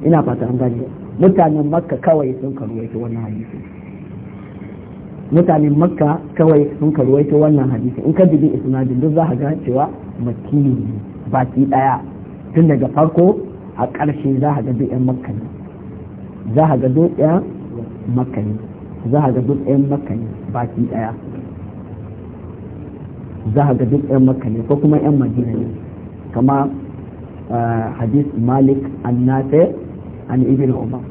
Speaker 1: ina fata an gane mutanen makka kawai sun karuwaito wannan hadisi mutanen makka kawai sun karuwaito wannan hadisi in ka dubi isnadin duk za ka ga cewa makki baki daya tun daga farko a ƙarshe za ka ga duk yan makka ne za ka ga duk yan makka ne za ka ga duk yan makka ne baki daya za ka ga duk yan makka ne ko kuma yan madina ne kama eh, hadis malik annafe an ibn umar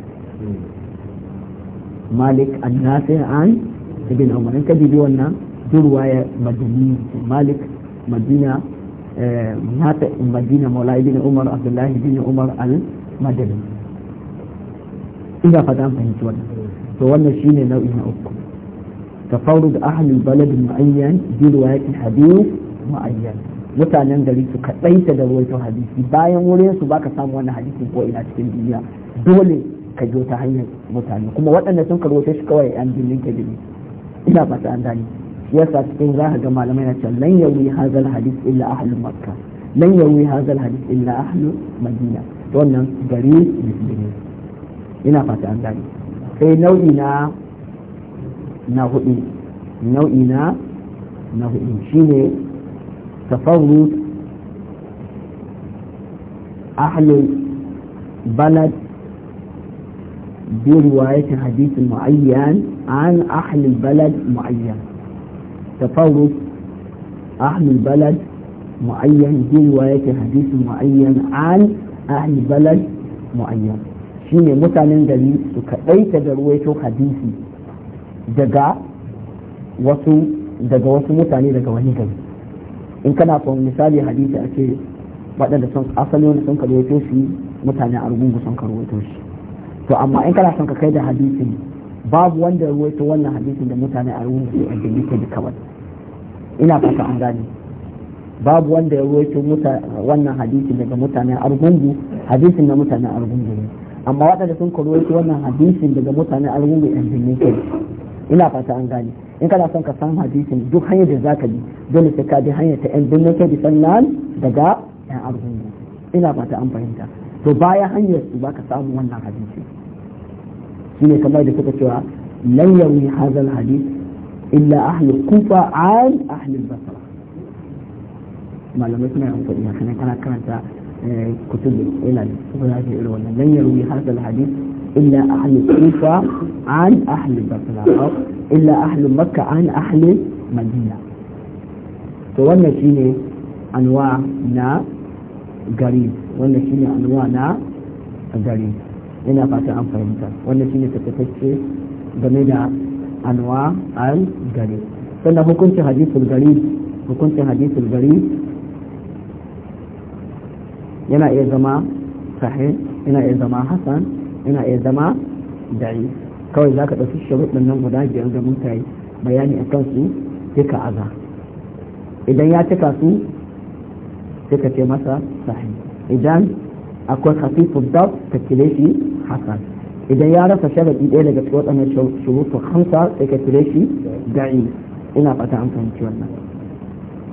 Speaker 1: malik an nafi an ibn umar in ka bibi wannan durwa ya madani malik madina eh, nafi madina maula ibn umar abdullahi ibn umar al madani ina fata fahimci wannan to wannan shine nau'i na uku تفاوض أهل البلد معين برواية حديث معين mutanen gari su kaɗaita da ruwaito hadisi bayan wurin su baka samu wannan hadisin ko ina cikin duniya dole ka biyo ta hanyar mutane kuma waɗanda sun karwace shi kawai an bin ta jini ina fata an gane yasa cikin za ka ga malamai na can lan yawi hazal hadis illa ahlu makka lan yawi hazal hadis illa ahlu madina wannan gari musulmi ina fata an gane sai nau'i na na hudu nau'i na na hudu shine tafarrut ahlul balad برواية حديث معين عن أهل البلد معين تفرق أهل البلد معين برواية حديث معين عن أهل بلد معين shine mutanen gari su kaɗaita da ruwaito hadisi daga wasu daga mutane daga wani gari in kana kuma misali hadisi a ce waɗanda sun asali wani sun karwaito shi mutane a rugungu sun shi to amma in kana son ka kai da hadisin babu wanda ya ruwaito wannan hadisin da mutane a ruwan su da yake da kawai ina fata an gane babu wanda ya ruwaito wannan hadisin daga mutane argungu hadisin na mutane argungu ne amma waɗanda sun ka ruwaito wannan hadisin daga mutane argungu yan jinni kai ina fata an gane in kana son ka san hadisin duk hanyar da zaka bi dole sai ka bi hanyar ta yan jinni kai sannan daga yan argungu ina fata an fahimta to bayan hanyar su baka samu wannan hadisin shine kamar da suka cewa lan yawi hazal hadith illa ahli kufa an ahli basra malamai suna yin kudi haka kana karanta kutubin ila da suka zafi irin wannan lan yawi hazal hadith illa ahli kufa an ahli basra illa ahli makka an ahli madina to wannan shine anwa na gari wannan shine anwa na gari ina fata an fahimta wannan shine takaitacce game da anwa al gari sannan hukuncin hadisul gari hukuncin hadisul gari yana iya zama sahih yana iya zama hasan yana iya zama da'i kawai zaka dauki sharuɗin nan guda biyar da muka yi bayani akan su duka aza idan ya cika su sai ka ce masa sahih idan akwai khafifud dab ka kile shi hasan idan ya rasa sharadi ɗaya daga cikin waɗannan shurutu hamsa sai ka cire shi da'i ina fata an fahimci wannan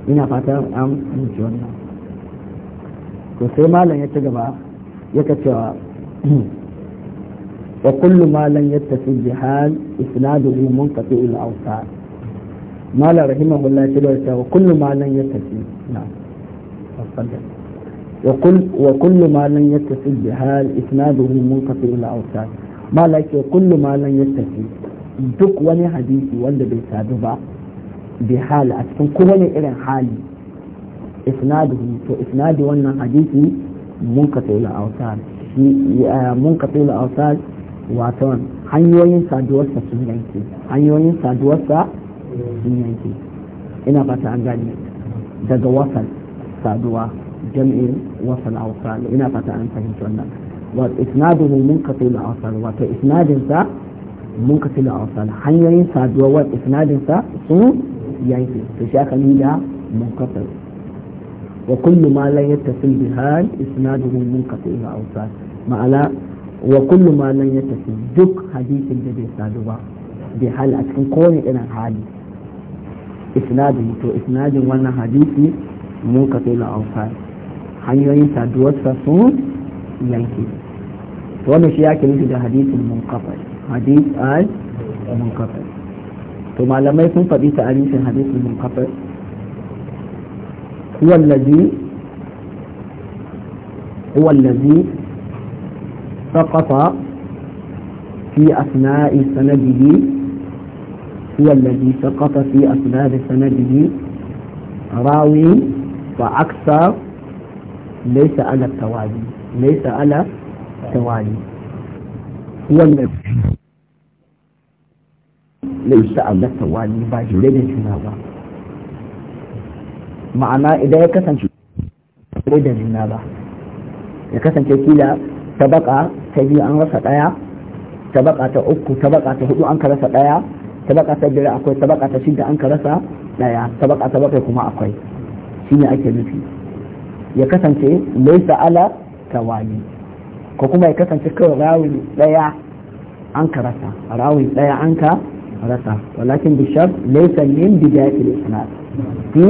Speaker 1: ina fata an fahimci wannan to sai malam ya ci gaba yaka cewa wa kullu ma lam yattafi bi hal isnaduhu munqati al awsa malam rahimahullah ya ce wa kullu ma lam yattafi na'am وكل وكل ما لم يتصل بها اسناده منقطع الاوصال ما لك كل ما لم يتصل duk wani hadisi wanda bai sadu ba bi hali a cikin kowane irin hali isnaduhu to isnadi wannan hadisi munqatil awsal munqatil awsal wato hanyoyin saduwarsa sun yanke hanyoyin saduwarsa sun yanke ina fata an gani daga wasan saduwa jam'i wasal awsal ina fata an fahimci wannan wa isnaduhu munqati al awsal wa ta isnadin sa munqati al awsal hanyoyin saduwa wa isnadin sun yanke to shi aka nuna munqati wa kullu ma la yattasil bi hal isnaduhu munqati al awsal ma'ana wa kullu ma lan yattasil duk hadisin da bai sadu ba bi hal a cikin kowane irin hali wannan hadisi mun ka حيوين تدوت فصون يلكي ثم شياك يجد حديث منقطع حديث آل منقطع ثم لما يكون قديس تعريف الحديث المنقطع هو الذي هو الذي سقط في أثناء سنده هو الذي سقط في أثناء سنده راوي وأكثر laisa ala tawali laisa ala tawali wannan laisa ala tawali ba jure da juna ba ma'ana idan ya kasance jure da juna ba ya kasance kila tabaka ta biyu an rasa daya tabaka ta uku tabaka ta hudu an ka rasa daya tabaka ta biyar akwai tabaka ta shida an ka rasa daya tabaka ta bakwai kuma akwai shine ake nufi ya kasance laisa ala tawali ko kuma ya kasance kawai rawin daya an ka rasa rawin daya an ka rasa walakin bi shart laisa min bidayati al-isnad fi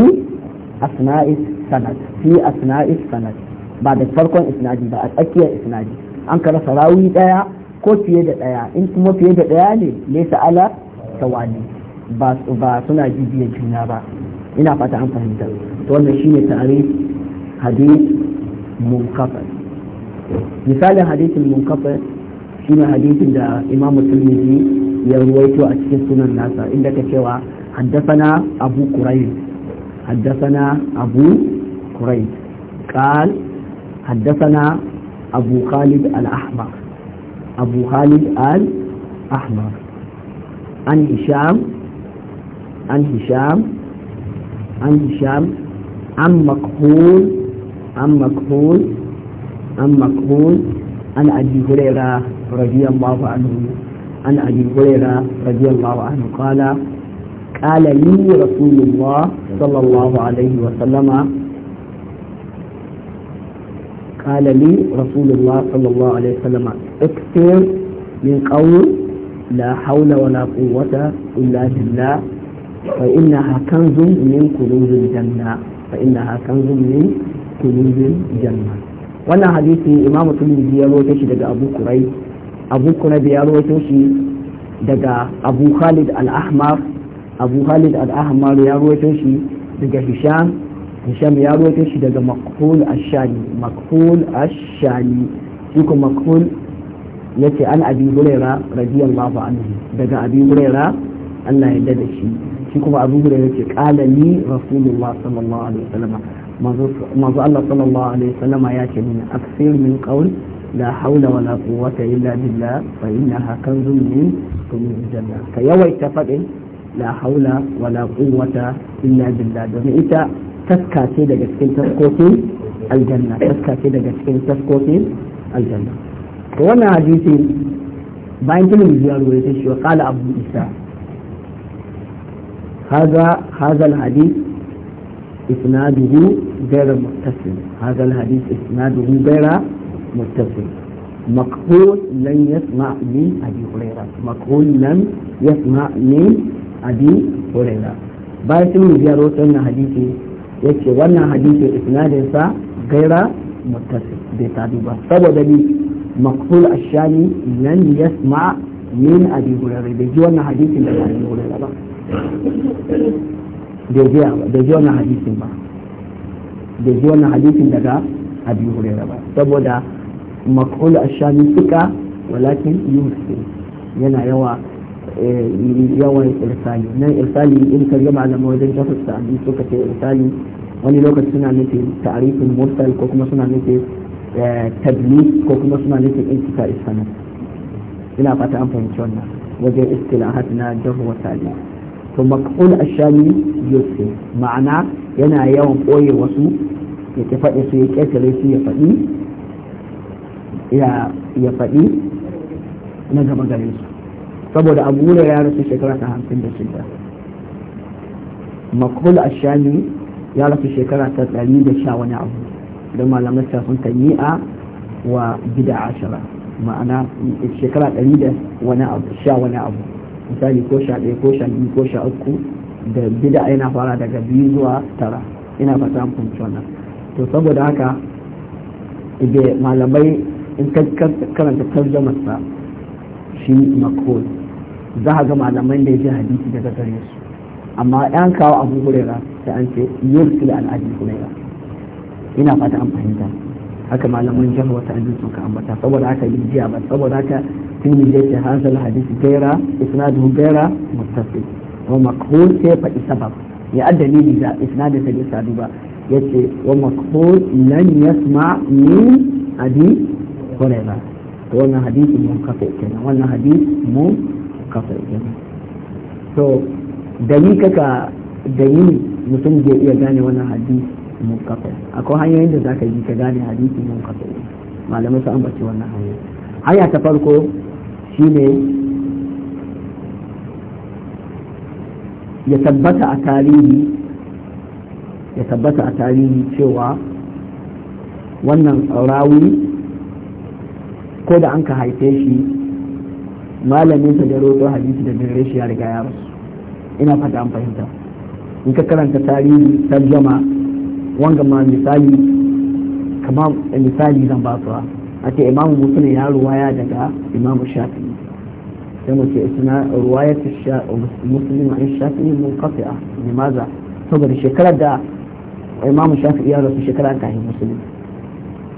Speaker 1: asna'i sanad fi asna'i sanad ba da farkon isnadi ba a tsakiyar isnadi an ka rasa rawi daya ko fiye da daya in kuma fiye da daya ne laisa ala tawali ba suna jibiyar juna ba ina fata an fahimta to wannan shine tarihi hadith munkafa misalin hadithin munkafa shine hadithin da imam musulmi ya ruwaito a cikin sunan nasa inda ka cewa haddasana abu kurai haddasana abu kurai قال حدثنا أبو خالد الأحمر أبو خالد الأحمر عن هشام عن هشام عن هشام عن عن مكهول عن مكهول عن أبي هريرة رضي الله عنه عن أبي هريرة رضي الله عنه قال قال لي رسول الله صلى الله عليه وسلم قال لي رسول الله صلى الله عليه وسلم اكثر من قول لا حول ولا قوة إلا بالله فإنها كنز من كنوز الجنة فإنها كنز من kulubin janna wannan hadisi imamu tirmidhi ya rawaito shi daga abu kurai abu kurai ya rawaito shi daga abu khalid al-ahmar abu khalid al-ahmar ya rawaito shi daga hisham hisham ya rawaito shi daga makhul ash-shani makhul ash-shani shi kuma makhul yace an abi huraira radiyallahu anhu daga abi huraira Allah ya da shi shi kuma abu huraira yace qala ni rasulullah sallallahu alaihi wasallam manzo Allah sallallahu alaihi wasallam ya ce min aksir min qawl la haula wala quwwata illa billah fa innaha kanzun min kunuzil janna ka yawaita fadin la haula wala quwwata illa billah don ita taska ce daga cikin taskokin aljanna taska ce daga cikin taskokin aljanna to wannan hadisi bayan tilin biyar ruwaye ta shi wa qala abu isa هذا هذا الحديث إسناده غير متصل هذا الحديث إسناده غير متصل مقبول لن يسمع من أبي هريرة مقبول لن يسمع من أبي هريرة بايت من زيارة أن حديثي يكي وانا حديثي إسناده غير متصل بتعديبه سبب دليل مقبول الشاني لن يسمع من أبي هريرة بيجي وانا حديثي من أبي هريرة bai ji wani hadisin ba bai ji wannan hadisin daga abi hurera ba saboda makul ashami suka walakin yusuf yana yawa eh, yawan irsali nan irsali in ka gama da wajen jafis da abin suka ce irsali wani lokaci suna nufin ta'arifin mursal ko kuma suna nufin eh, tablis ko kuma suna nufin intika nan ina fata an fahimci wannan wajen istilahat na jahu wa ta'arif to maqul ashami yusfi ma'ana yana yawan koye wasu ya ki faɗi su ya ƙetare su ya faɗi ya faɗi na gaba gare su saboda abu da ya rasu shekara ta hamsin da shida makul ashami ya rasu shekara ta ɗari da sha wani abu don malamai ta sun tami'a wa gida ashara ma'ana shekara ɗari da wani abu sha wani abu misali ko sha ɗaya ko sha biyu ko sha uku da bida yana fara daga biyu zuwa tara ina fata an fahimci wannan to saboda haka ibe malamai in ka karanta sa shi makon za a ga malamai da ya ji hadisi daga gare su amma yan kawo abu hurera da an ce su da al'adun hurera ina fata an fahimta haka malamin jihar wata an sun ka ambata saboda haka yin jiya ba saboda haka في نجاة هذا الحديث غير إسناده غير متصل ومقبول كيف السبب يا دليل إذا إسناده ليس أدبا يتي ومقبول لن يسمع من أبي هريرة وانا حديث منقطع كنا وانا حديث منقطع كنا so dalil kaka dalil mutum zai iya gane wannan hadisi munqati akwai hanyoyin da zaka yi ka gane hadisi munqati malamai su ambaci wannan hanya hanya ta farko shine ya tabbata a tarihi ya tabbata a tarihi cewa wannan rawi ko da an ka haife shi malamin ta da roƙo hadisi da bin ya riga ya rasu ina fata an fahimta in ka karanta tarihi tarjama wanga ma misali kamar misali zan ba su a ce imamu musulun ya ruwaya daga imamu shafi كانوا في اثناء رواية الشا... مسلم عن الشافعي منقطعة لماذا؟ صدر الشكل دا إمام الشافعي يارو في شكل أنت عن مسلم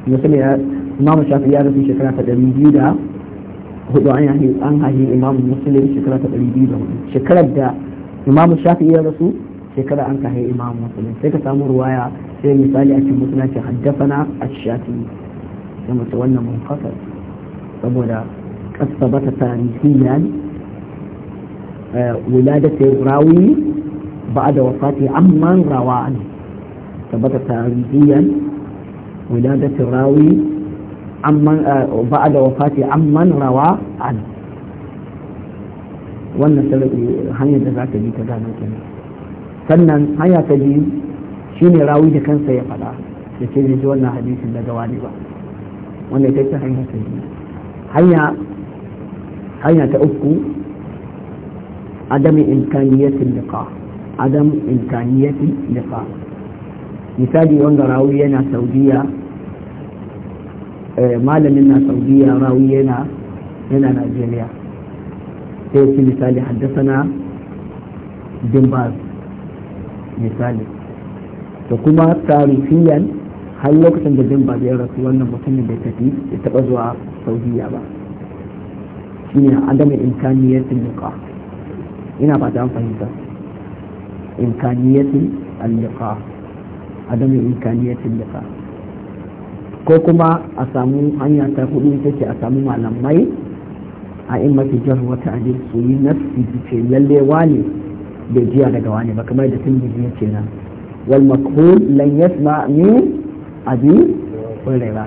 Speaker 1: مسلم إمام الشافعي يارو في شكل أنت عن جيدا هو عن يعني أن هذه إمام مسلم شكل أنت عن جيدا شكل دا إمام الشافعي يارو في شكل أنت عن إمام مسلم تلك سامو رواية في مثال أن مسلم حدثنا الشافعي كما تولى منقطع Saboda قد ثبت تاريخيا ولادة راوي بعد وفاة عمن روى عنه ثبت تاريخيا ولادة راوي عمن بعد وفاة عمن روى عنه wannan hanyar da za ta bi ta gano kenan sannan hanya ta biyu shine rawi da kansa ya faɗa da ce zai ji wannan hadisin daga wani ba wanda ita ce hanya ta biyu hanya hanya ta uku adamin إمكانية liqa adam إمكانية liqa misali wanda rawi yana saudiya eh, malamin na saudiya rawi yana yana najeriya sai su misali haddasana dimbaz misali da kuma tarifiyan har lokacin da dimbaz ya rasu wannan mutumin da tafi ya taba zuwa saudiya ba shine adama imkaniyatin liqa ina ba ta fahimta imkaniyatin al-liqa adama imkaniyatin liqa ko kuma a samu hanya ta hudu ita ce a samu malamai a in mafi jar wata adil su yi nafsi fi ce lalle wani bai jiya daga wani ba kamar da tun biyu ce nan wal makhul lan yasma min abi ba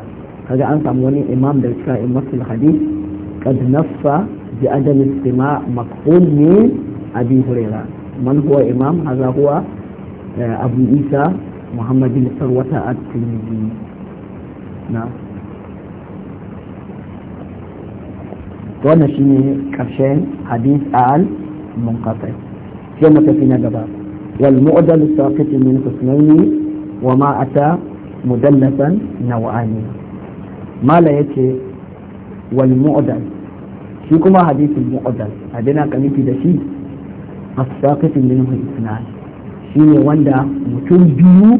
Speaker 1: kaga an samu wani imam da in imamul hadis قد نص بعدم استماع مقبول من أبي هريرة من هو إمام هذا هو آه، أبو عيسى محمد بن ثروة الترمذي نعم ونشي كرشين حديث آل منقطع كما تفينا قبل والمعدل الساقط من قسمين وما أتى مدلسا نوعين ما لا يتي wal mu'dal shi kuma hadisin mu'dal abin ka nufi da shi as-saqit minhu isnad shine wanda mutum biyu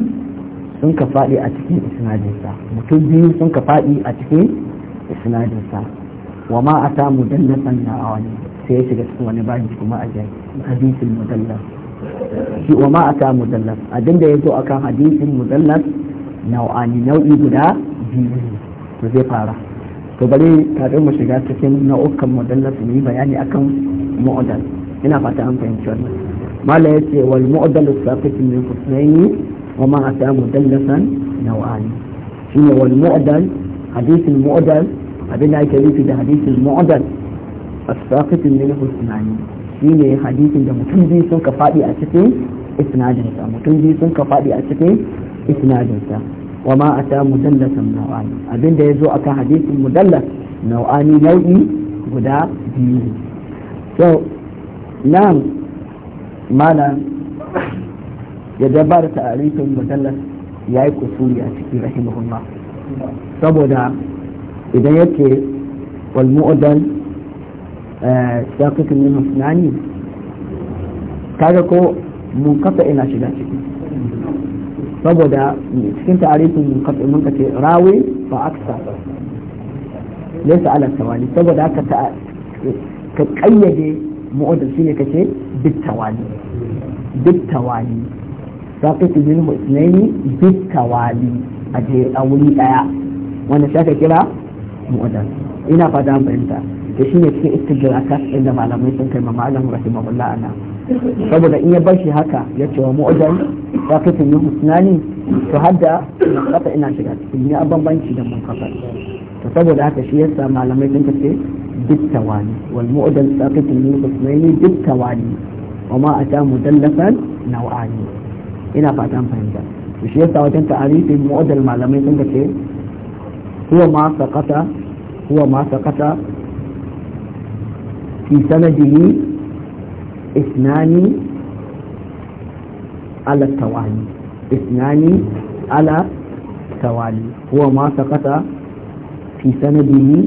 Speaker 1: sun ka a cikin isnadinsa mutum biyu sun ka a cikin isnadinsa wa ma ata mudallasan na awani sai ya shiga cikin wani baji kuma a jai hadisin mudallas shi wa ma ata mudallas abinda ya zo akan hadisin mudallas nau'ani nau'i guda biyu zai fara to bari kafin mu shiga cikin nau'ukan mudallas su yi bayani akan mu'adal ina fata an fahimci wannan mala yace wal mu'adal saqit min husnaini wa ma ata mudallasan naw'ani shine wal mu'adal hadith al mu'dal abin ake nufi da hadith al mu'dal saqit min husnaini shine hadisin da mutum zai sun ka fadi a cikin isnadinsa mutum zai sun ka fadi a cikin isnadinsa wa ma ata mudallasan nau'ani abinda ya zo akan hadisin mudallas nau'ani nau'i guda biyu so nan malam ya dabar ta'arifin mudallas ya yi kusuri a cikin rahimahullah saboda idan yake wal mu'dal eh, shaqiqun min husnani kaga ko mun kafa ina shiga ciki saboda cikin ta'arifin mun kace rawi fa aksa laysa ala tawali saboda haka ta ka kayyade mu'adda shine kace bit tawali bit tawali saqit bil mu'tinaini bit tawali a je a wuri daya wanda sai ka kira mu'adda ina fata fahimta da shine cikin istidrakat inda malamai sun kai ma malamin rahimahullah ana saboda in ya bar shi haka ya ce wa mu'adda باقي في يوم اثنين تهدى قطع ان انت قاعد في مئة بمبين في دم القطع تصدر هذا الشيء سامع لما يدنك في بالتواني والمؤدل باقي في يوم اثنين بالتواني وما اتى مدلفا نوعاني هنا بعد ان فهمت الشيء سامع لما تعريف المؤدل مع لما يدنك في هو ما سقط هو ما سقط في سنده اثنان ala tawali isnani ala tawali huwa ma saqata fi sanadihi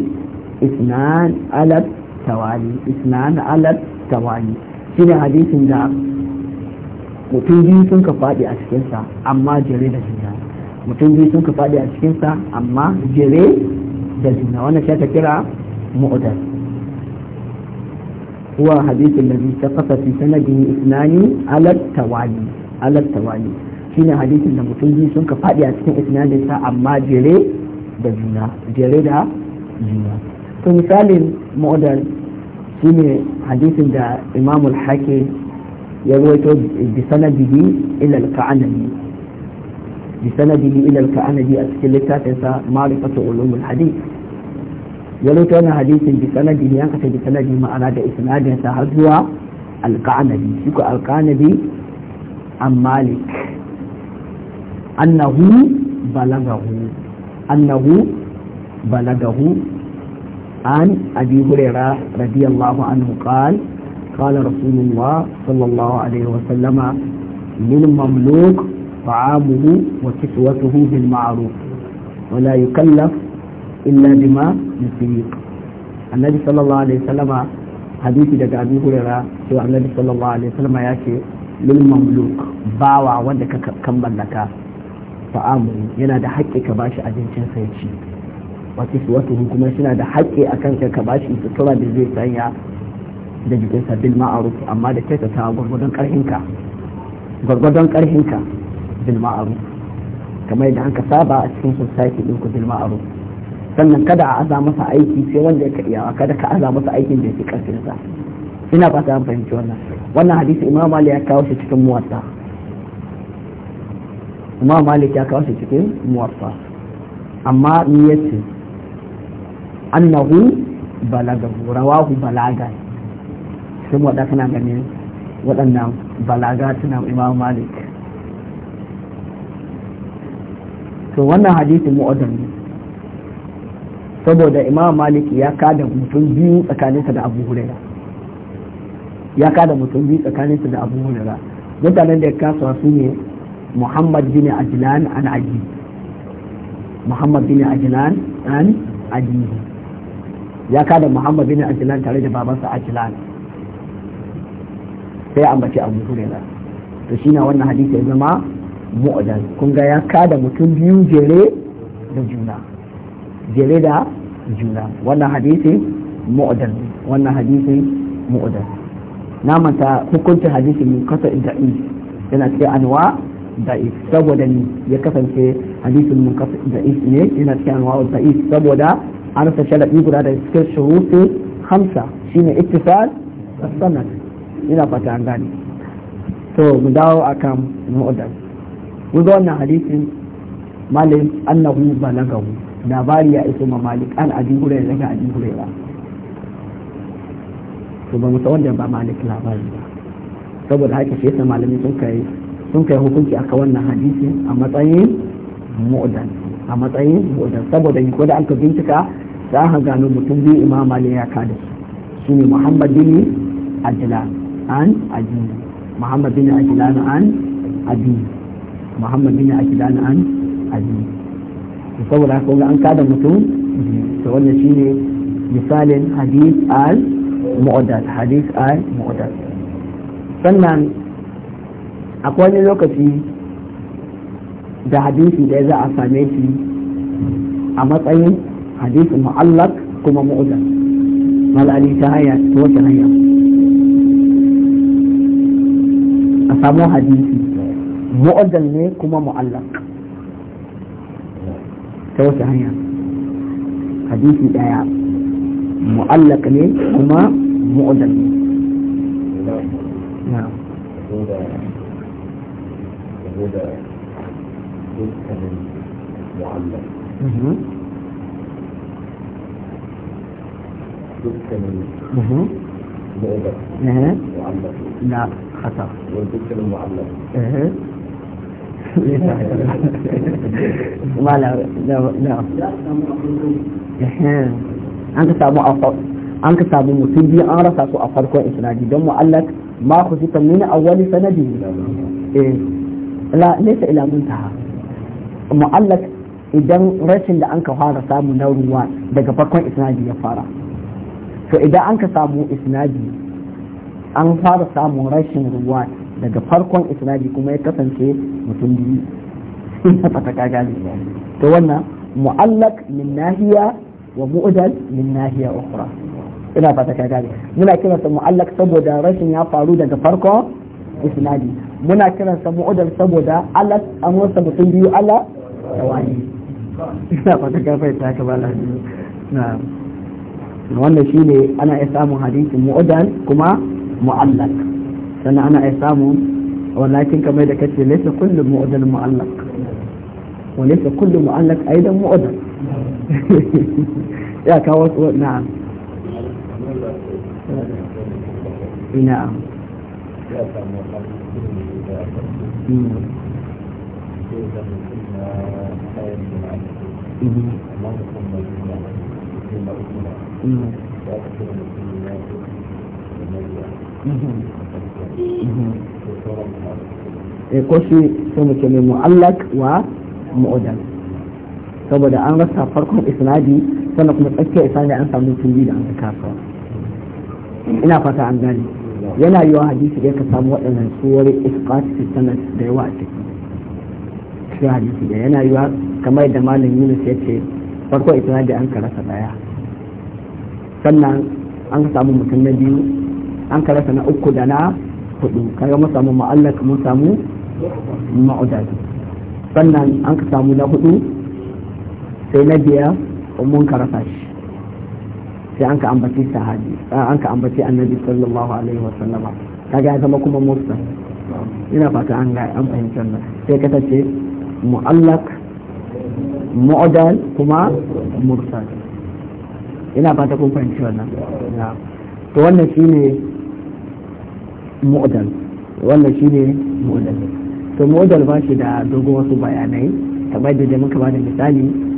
Speaker 1: isnan ala tawali isnan ala tawali shine hadisin da mutum biyu sun ka faɗi a cikinsa amma jere da juna mutum biyu sun ka faɗi a cikinsa amma jere da juna wannan shi ta kira mu'tad huwa hadisin da ta kasa fi sanadihi isnani ala tawali alal tawali shine hadisin da mutum biyu sun ka faɗi a cikin isnadin amma jere da juna jere da juna to misalin modern shine hadisin da imamul hakim ya ruwaito bi sanadihi ila al-ka'anabi bi sanadihi ila kaanabi a cikin littafinsa sa ma'rifatu ulumul hadith ya ruwaito wannan hadisin bi sanadihi yanka ta bi sanadi ma'ana da isnadin har zuwa al shi ko al عن مالك أنه بلغه أنه بلغه عن أبي هريرة رضي الله عنه قال قال رسول الله صلى الله عليه وسلم للمملوك طعامه وكسوته بالمعروف ولا يكلف إلا بما يطيق النبي صلى الله عليه وسلم حديث دقى أبي هريرة النبي صلى الله عليه وسلم يأتي lil mamluk bawa wanda ka kan mallaka amuri yana da haƙƙi ka bashi abincin sai ci wato su wato kuma suna da haƙƙi a kan ka bashi sutura da zai sanya da jikinsa bil ma'ruf amma da kai ta gwargwadon gurgurdan gwargwadon ka bil ma'ruf kamar yadda an ka saba a cikin society din ku bil ma'ruf sannan kada a aza masa aiki sai wanda ya ka iya kada ka aza masa aikin da yake karfin sa ina fata an fahimci wannan wannan hadisi imam malik ya kawo shi cikin muwatta imam malik ya kawo shi cikin muwatta amma ni yace annahu balaga rawahu balaga sun wada kana gani waɗannan balaga tana imam malik to wannan hadisi mu'adam ne saboda imam malik ya kada mutum biyu tsakaninsa da abu huraira ya kada mutum biyu tsakanin su da abu hurera mutanen da ya kasuwa su ne muhammad bin ajilan an aji muhammad bin ajilan an aji ya kada muhammad bin ajilan tare da babansa ajilan sai ambaci abu hurera to shi na wannan hadisi ya zama mu'ajan kun ga ya kada mutum biyu jere da juna jere da juna wannan hadisi mu'ajan wannan hadisi mu'ajan na manta hukuncin hadisi mun kasa da'i yana cikin anwa da'i saboda ni ya kasance hadisin mun kasa da'i ne yana cikin anwa da'i saboda an rasa sharaɗi guda da cikin shuruti hamsa shine ittifal sanad ina fata an gane to mu dawo akan mu'addal mun ga wannan hadisin malik annahu balagahu labari ya iso ma malik an abi hurairah daga abi hurairah to ba musa wanda ba malik labari ba saboda haka shi yasa malami sun kai sun kai hukunci aka wannan hadisi a matsayin mu'dan a matsayin mu'dan saboda ni ko da aka bincika za ka gano mutum biyu imam malik ya kada su ne muhammad bin ajlan an ajin muhammad bin ajlan an abi muhammad bin ajlan an abi saboda haka an kada mutum biyu to wannan shine misalin hadith al mu'adad hadis ai mu'adad sannan akwai wani lokaci da hadisi da za a same shi a matsayin hadisi mu'allak kuma mu'adad malali ta haya ta wata hanya a samu hadisi mu'adad ne kuma mu'allak ta wata hanya hadisi daya mu'allaq ne kuma mu'dal
Speaker 2: na'am نعم
Speaker 1: خطأ المعلق لا لا لا an ka samu an ka samu mutum biyu an rasa su a farkon isnadi don mu'allak ma ku sita min awwali sanadi eh, la Nesa ila mun ta mu'allak idan rashin da an ka fara samu na ruwa daga farkon isnadi ya fara to idan an ka samu isnadi an fara samun rashin ruwa daga farkon isnadi kuma ya kasance mutum biyu in ta kaga to wannan mu'allak min nahiya ومؤذل من ناحية أخرى إذا فاتك ذلك منا كنا معلق سبو دا يا فارودا تفركو فرقو إسنادي منا كنا مؤذل سبو على أمور سبو تنبيو على ثواني. إذا فاتك فايتا كبالا نعم وانا شيني أنا إسام حديث مؤذل كما معلق أنا أنا إسام ولكن كما ذكرت ليس كل مؤذل معلق وليس كل معلق أيضا مؤذل ya kawo na'am na'am ko shi sai muke mai mu'allak wa mu'udal saboda an rasa farkon isnadi sannan kuma tsakiyar isnadi an samu tumbi da an kasa ina fata an gane yana yiwa hadisi da ka samu waɗannan suwar isqat fi sanad da yawa a ciki shi hadisi da yana yiwa kamar yadda malam Yunus ya ce farko isnadi an ka rasa daya sannan an ka samu mutum na biyu an ka rasa na uku da na hudu kaga mun samu mu'allaq mun samu ma'udad sannan an ka samu na hudu sai na biya ummun karasa shi sai an ka ambaci sahabi an ka ambaci annabi sallallahu alaihi wa sallama kaga ya zama kuma musta ina fata an ga an fahimci wannan sai ka tace mu'allaq mu'dal kuma mursal ina fata kun fahimci wannan to wannan shine mu'dal wannan shine mu'dal to mu'dal ba shi da dogon wasu bayanai kamar da muka ba da misali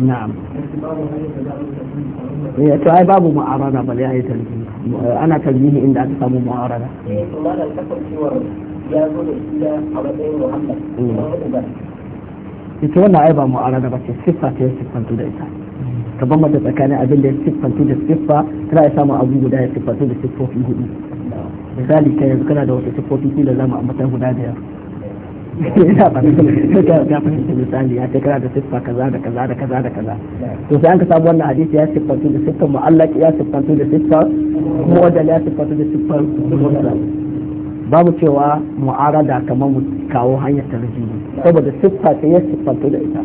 Speaker 2: na'am to ai
Speaker 1: babu mu'arada bale ai talbihi ana talbihi inda aka samu mu'arada
Speaker 2: ya da a matsayin Muhammad
Speaker 1: ita wannan ai ba mu'arada ba ce siffa ta siffantu da ita ka bambanta tsakanin abin da ya siffantu da siffa tana ya samu abu guda ya siffantu da siffofi hudu misali kai yanzu kana da wasu siffofi kila zama a matan guda biyar ina ba ta ta fahimta misali ya ce kana da siffa kaza da kaza da kaza da kaza to sai an ka samu wannan hadisi ya siffantu da siffar mu'allaq ya siffantu da siffa siffar mu'addal ya siffantu da siffar mursal babu cewa mu'arada kamar mu kawo hanyar tarjimi saboda siffa ta ya siffantu da ita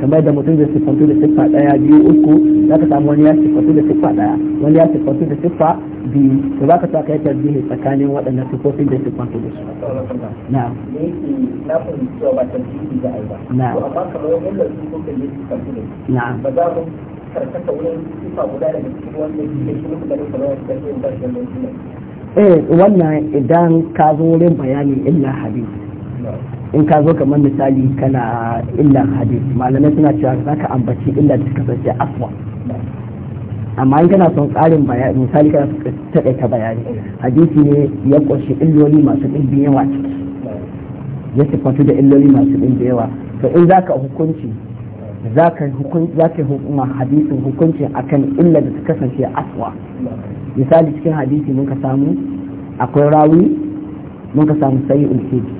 Speaker 1: kamar da mutum zai siffantu da siffa daya biyu uku za ka samu wani ya siffantu da siffa daya wani ya siffantu da siffa biyu to za ka sa ka yi tarbihi tsakanin waɗannan sifofin da su kwanta da su
Speaker 2: na na fahimci ba tarbihi za a yi ba na amma kamar yadda su kuka yi su kwanta da su na ba za mu karkata wurin sifa guda daga cikin wanda ke shi muka ganin kamar yadda ke ba shi da su
Speaker 1: eh wannan idan ka zo wurin bayani illa hadisi in ka zo kamar misali kana illa hadisi malamai suna cewa za ka ambaci illa da suka kasance aswa amma in kana son tsarin bayani misali kana son taƙaita bayani hadisi ne ya ƙunshi illoli masu ɗimbin yawa ciki ya sifatu da illoli masu ɗimbin yawa to in za ka hukunci za ka hukuma hadisin hukunci akan illar da ta kasance aswa misali cikin hadisi mun ka samu akwai rawi mun ka samu sayi ulkeji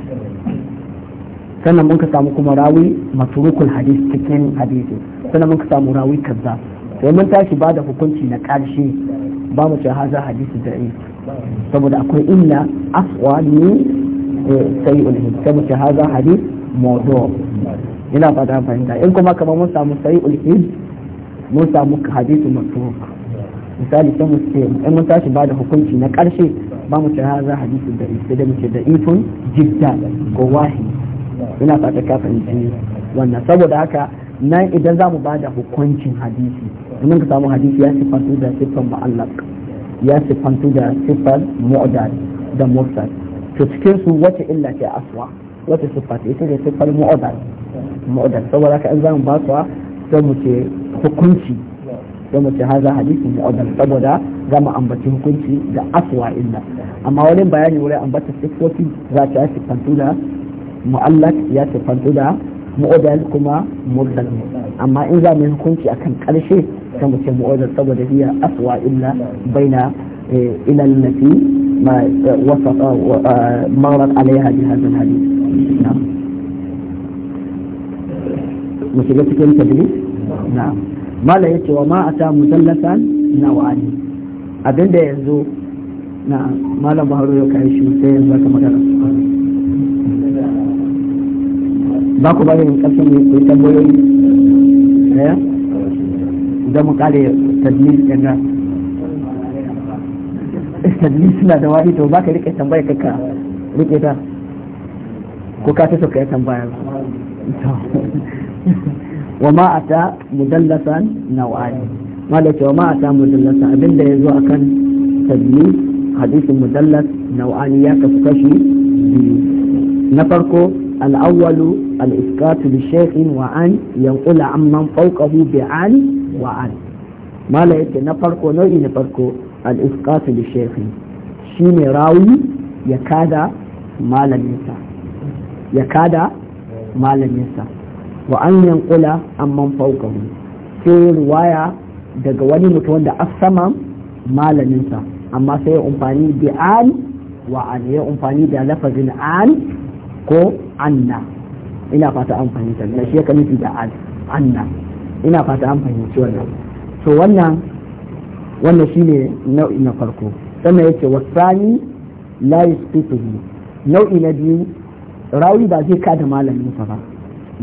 Speaker 1: sannan mun ka samu kuma rawi maturukul hadis cikin hadisi sannan mun ka samu rawi kazzab sai mun tashi ba da hukunci na ƙarshe ba mu ce haza hadisi da saboda akwai illa afwani sai ulhid sai mu ce haza hadis mawdu ina fata fahimta in kuma kamar mun samu sai ulhid mun samu hadisi matruk misali sai mu ce in mun tashi ba da hukunci na ƙarshe ba mu ce haza hadisi da sai da mu ce da ifun jidda ko wahi ina fata ka fahimta wannan saboda haka nan idan za mu ba da hukuncin hadisi domin ka samu hadisi ya siffantu da siffar mu'allaq ya siffantu da siffar mu'dad da mursal to cikin su wace illa ce aswa wace siffa ce ita ce siffar mu'dad mu'dad saboda ka in zamu ba su sai mu ce hukunci sai mu ce haza hadisi mu'dad saboda za mu ambaci hukunci da aswa illa amma wani bayani wurin ambata siffofi za ta siffantu da mu'allaq ya siffantu da mu'adal kuma mursal amma in za mu yi hukunci akan karshe sai mu ce mu'adal saboda biya aswa illa baina eh, ila allati ma eh, wasafa eh, marat alaiha bi hadha alhadith na'am mu shiga cikin tadlis na'am mala yace wa ma ata musallasan nawani abinda yanzu na malam baharu ya kai shi sai yanzu ka magana ba ku bari ƙarshen ne ku yi tambayoyi ɗaya eh? don mu kare tadmin ɗin nan eh, tadlis suna da wani to ba ka riƙe tambaya ka riƙe ta ko ka ta so ka yi tambaya wa ma ata mudallasan naw'ani malaka wa ma ata mudallasan abinda yazo akan tadmin hadisin mudallas naw'ani ya kasu kashi biyu na farko al-awwalu al-isqatu bi shay'in wa an yanqula amman fawqahu bi an yake na farko nau'i na farko al-isqatu bi shay'in rawi ya kada malaminsa ya kada malaminsa an yanqula amman sai ruwaya daga wani mutum wanda asama malaminsa amma sai ya umfani bi da lafazin an ko anna ina fata an fahimta na shi ka nufi da annan. ina fata an fahimci wannan to wannan wannan shine nau'i na farko sannan yace wasani la yasqituhu nau'i na biyu rawi ba zai kada malamin sa ba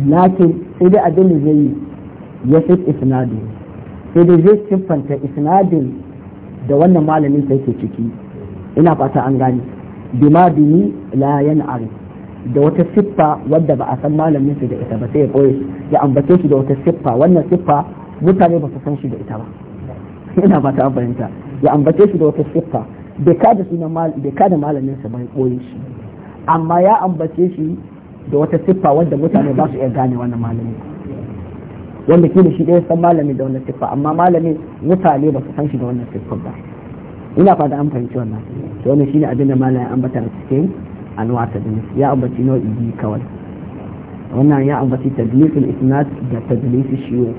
Speaker 1: lakin sai dai abin da zai yi ya fi isnadin sai dai zai siffanta isnadin da wannan malamin sa yake ciki ina fata an gane bima bini la yan'arif da wata siffa wadda ba a san malamin su da ita ba sai ya koyi ya ambace shi da wata siffa wannan siffa mutane ba su san shi da ita ba ina ba ta fahimta ya ambace shi da wata siffa bai kada sunan bai kada malamin sa ba ya shi amma ya ambace shi da wata siffa wadda mutane ba su iya gane wannan malamin wanda kila shi ɗaya san malami da wannan siffa amma malamin mutane ba su san shi da wannan siffa ba ina fata an fahimci wannan to wannan shine abin da malamin ambata a cikin anwa tadlis ya ambaci nau'i biyu kawai wannan ya ambaci tadlisul isnad da tadlisul shiyu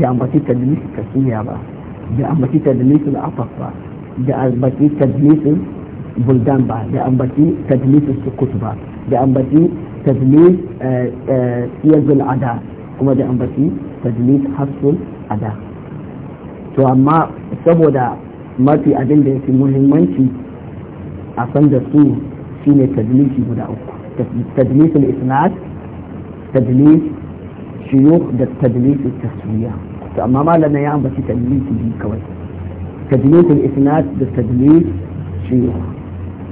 Speaker 1: da ambaci tadlisul kasiya ba da ambaci tadlisul afaf ba da ambaci tadlisul buldan ba da ambaci tadlisul sukut ba da ambaci tadlis eh, eh, siyazul ada kuma da ambaci tadlis hassul ada to amma saboda mafi abin da yake muhimmanci a san da su شيني تدليس جدا أكو تدليس الإسناد تدليس شيوخ دا تدليس التسوية أما ما لنا يعم بس تدليس جي كوي تدليس الإسناد دا تدليس شيوخ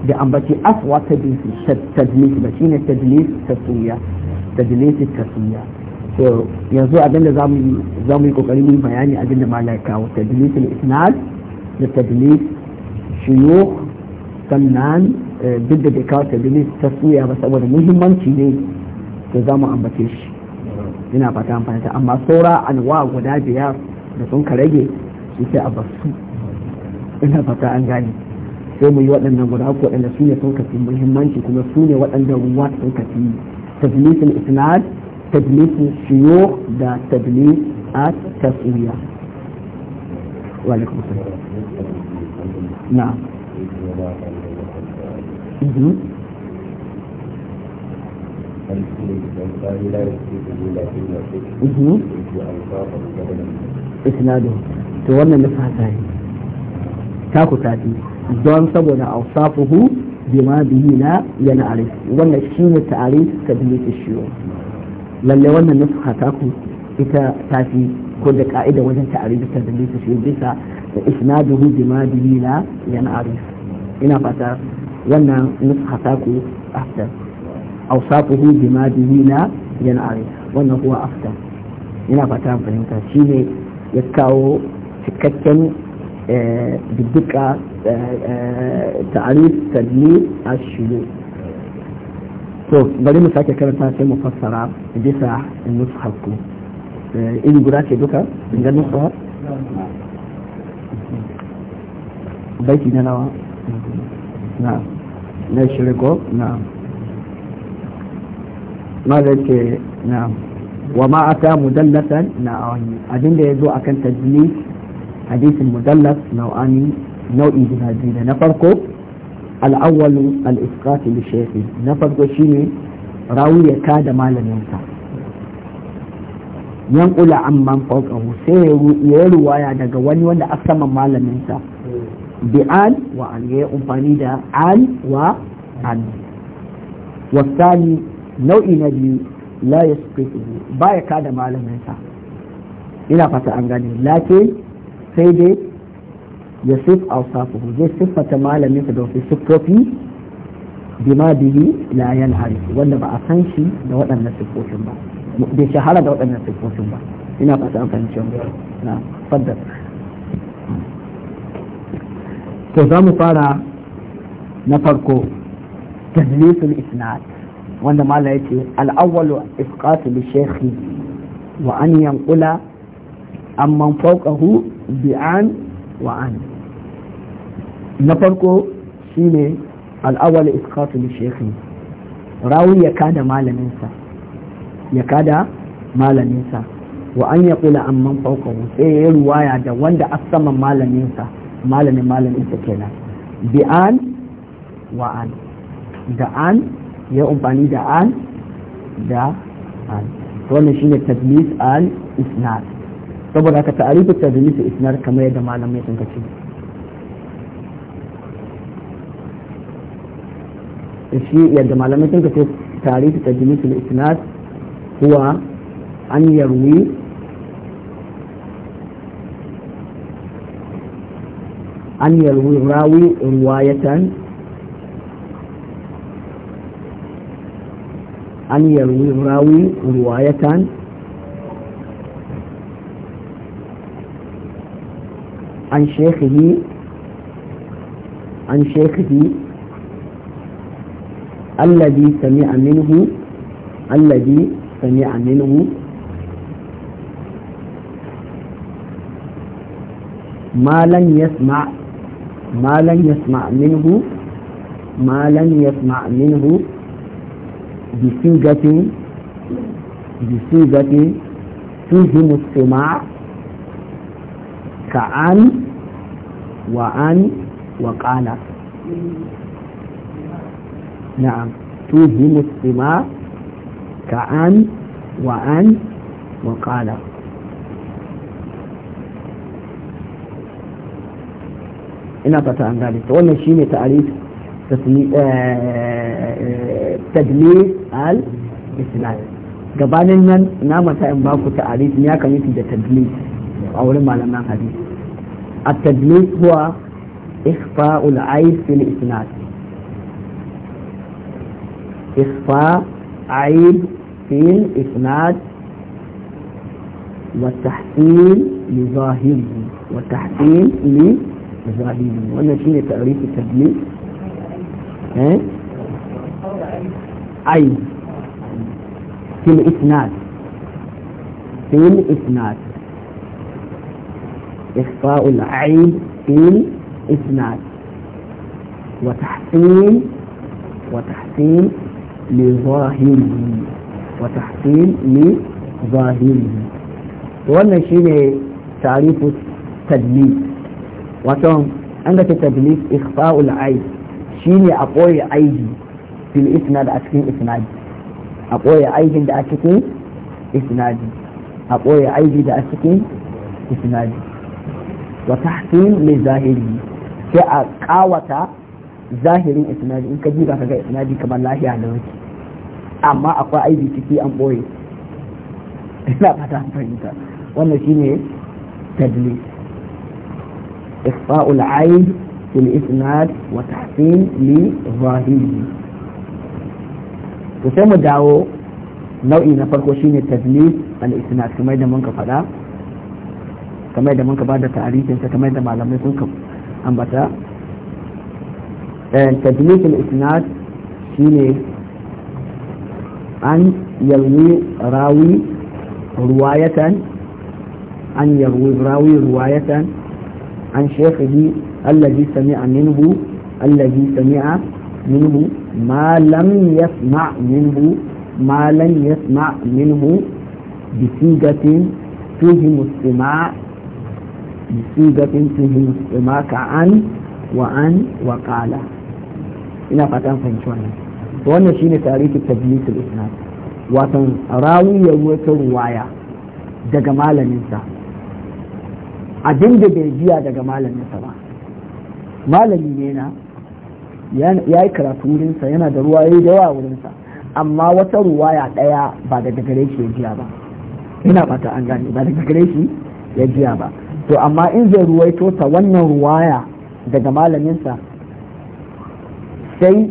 Speaker 1: دا أم بس أفوى تدليس تدليس بشيني تدليس تسوية تدليس التسوية yanzu abin da za mu yi kokari mu yi bayani abin da malaka wa tadilis al-isnad da tadilis shiyukh sannan eh, duk da bai kawo tabilis ta ba saboda muhimmanci ne da za mu ambace shi ina fata amfani ta amma saura anwa guda biyar da sun ka rage su sai a basu ina fata an gane sai mu yi waɗannan guda uku waɗanda su ne sun fi muhimmanci kuma su ne waɗanda ruwa sun fi tadlisin isnad tadlisin shiyo da tadlis a tasiriya
Speaker 2: wa alaikum salam Mm-hmm. Mm-hmm.
Speaker 1: isnadu to wannan na fata ne ta ku tafi don saboda awsafuhu bima bihi na yana arif wannan shi ne shine ta'arif kabiliyat shiyo lalle wannan na nusha ku ita tafi ko da ka'ida wajen ta ta'arif kabiliyat shiyo bisa da isnaduhu bima bihi na yana arif ina fata wannan nusha ta ku afdal awsafuhu bima bihi na yan'ari wannan kuwa afdal yana fata fahimta shine ya kawo cikakken eh, dubbika eh, eh, ta'arif tadli ashulu to bari mu sake karanta sai mu fassara bisa nusha ku iri guda ce duka ga nusha baiti na nawa na'am na shirko na ce Na'am. wa ma aka mudallatan na abinda ya zo a kan tajlis hadisin mudallas nau'ani nau'i guda biyu da na farko al'awwalu al-isqati li shaykhi na farko shine rawi ya kada malaminsa yankula amman fawqahu sai ya ruwaya daga wani wanda asaman malaminsa bi al wa al ya da al wa al wasani nau'i na biyu la ya ba ya kada malaminsa ina fata an gane lakin sai dai ya sif ausafuhu zai siffata malaminsa da wasu siffofi bima bihi la yanharifu wanda ba a san shi da waɗannan siffofin ba bai shahara da waɗannan siffofin ba ina a na faddar to za mu fara na farko tajlisul isnad wanda mala ya ce al'awwalu isqatu li shaykhi wa an yanqula amman fawqahu bi an wa an na farko shine al'awwalu isqatu li shaykhi rawi ya kada malaminsa ya kada malaminsa wa an yaqula amman fawqahu sai ya ruwaya da wanda asaman malaminsa malamin malamin ta kenan bi an wa an da an ya umfani da an da an wannan shine tadlis al isnad saboda haka ta'arifin tadlis isnad kamar yadda malamin sun kace shi yadda malamai sun kace ta'arifin tadlis al isnad huwa an yarwi أن يروي الراوي رواية أن يروي الراوي رواية عن شيخه عن شيخه الذي سمع منه الذي سمع منه ما لم يسمع ما لم يسمع منه ما لم يسمع منه بصيغة بصيغة توهم السماع كأن وأن وقال نعم توهم السماع كأن وأن وقال ina fata an gane wannan shine ta'arif tadlis al islam gabanin nan na mata in baku ta'arif ya kan yi da tadlis a wurin malaman hadisi at-tadlis huwa ikhfa'u al-aib fil isnad ikhfa عيب في الإسناد والتحسين لظاهره والتحسين لظاهره مزاعيين wannan shine ta'rifi tadmin eh ai fil isnad fil isnad إخفاء العين في الإسناد وتحسين وتحسين لظاهره وتحسين لظاهره وأنا شيء تعريف التدليل wato an ga ta tadlis ikhfa'ul aib shine a koyi aibi fil isnad a cikin isnadi a koyi aibin da a cikin isnadi a koyi aibi da a cikin isnadi wa tahsin li zahiri sai a kawata zahirin isnadi in ka ji ba ka ga isnadi kamar lahiya da wuce amma akwai aibi ciki an boye ina fata an fahimta wannan shine tadlis إخفاء العين في الإسناد وتحسين لظاهره وسيما داو نوعي نفرق وشيني تدليس الإسناد كما يدى منك فلا كما يدى منك بعد تعريف انت كما يدى معلم يكونكم أنبتا تدليس الإسناد شيني أن يلوي راوي رواية أن يروي راوي رواية عن شيخه الذي سمع منه الذي سمع منه ما لم يسمع منه ما لم يسمع منه بصيغة فيهم استماع بصيغة فيهم استماع كأن وأن وقال إن فتن فنشونا وانا شين تاريخ تبليس الإسناد وطن راوي يوتر وعيا دقمالا من abin da bai biya daga malaminsa ba malami ne na ya yi karatu wurinsa yana da ruwa da yawa wurinsa amma wata ruwaya ɗaya ba daga gare shi ya biya ba ina bata an gane ba daga gare shi ya biya ba to amma in zai ruwaito ta wannan ruwaya daga malaminsa sai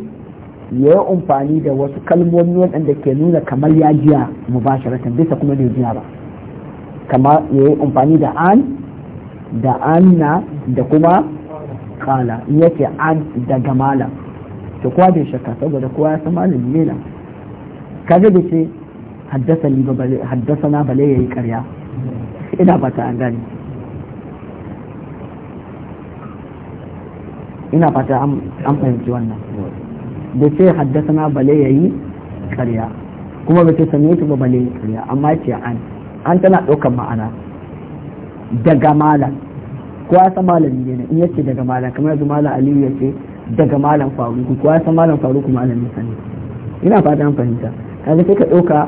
Speaker 1: ya yi amfani da wasu kalmomi waɗanda ke nuna kamar ya jiya mubasharatan bisa kuma bai jiya ba kamar ya yi amfani da an da anna da kuma kala yake an daga malam to kowa bai shakka saboda kowa ya san malam ne nan kaga da ce haddasa ni ba bale haddasa na bale yayi ƙarya ina fata an gani. ina fata an fahimci wannan da ce haddasa na bale yayi ƙarya kuma ba ce sanye ba bale yayi ƙarya amma ce an an tana ɗaukar ma'ana daga malam ko ya san malami ne in yace daga malam kamar yanzu malam aliyu ya ce daga malam faruku ko ya san malam faruku malamin sa sani ina fata an fahimta kaga sai ka ɗauka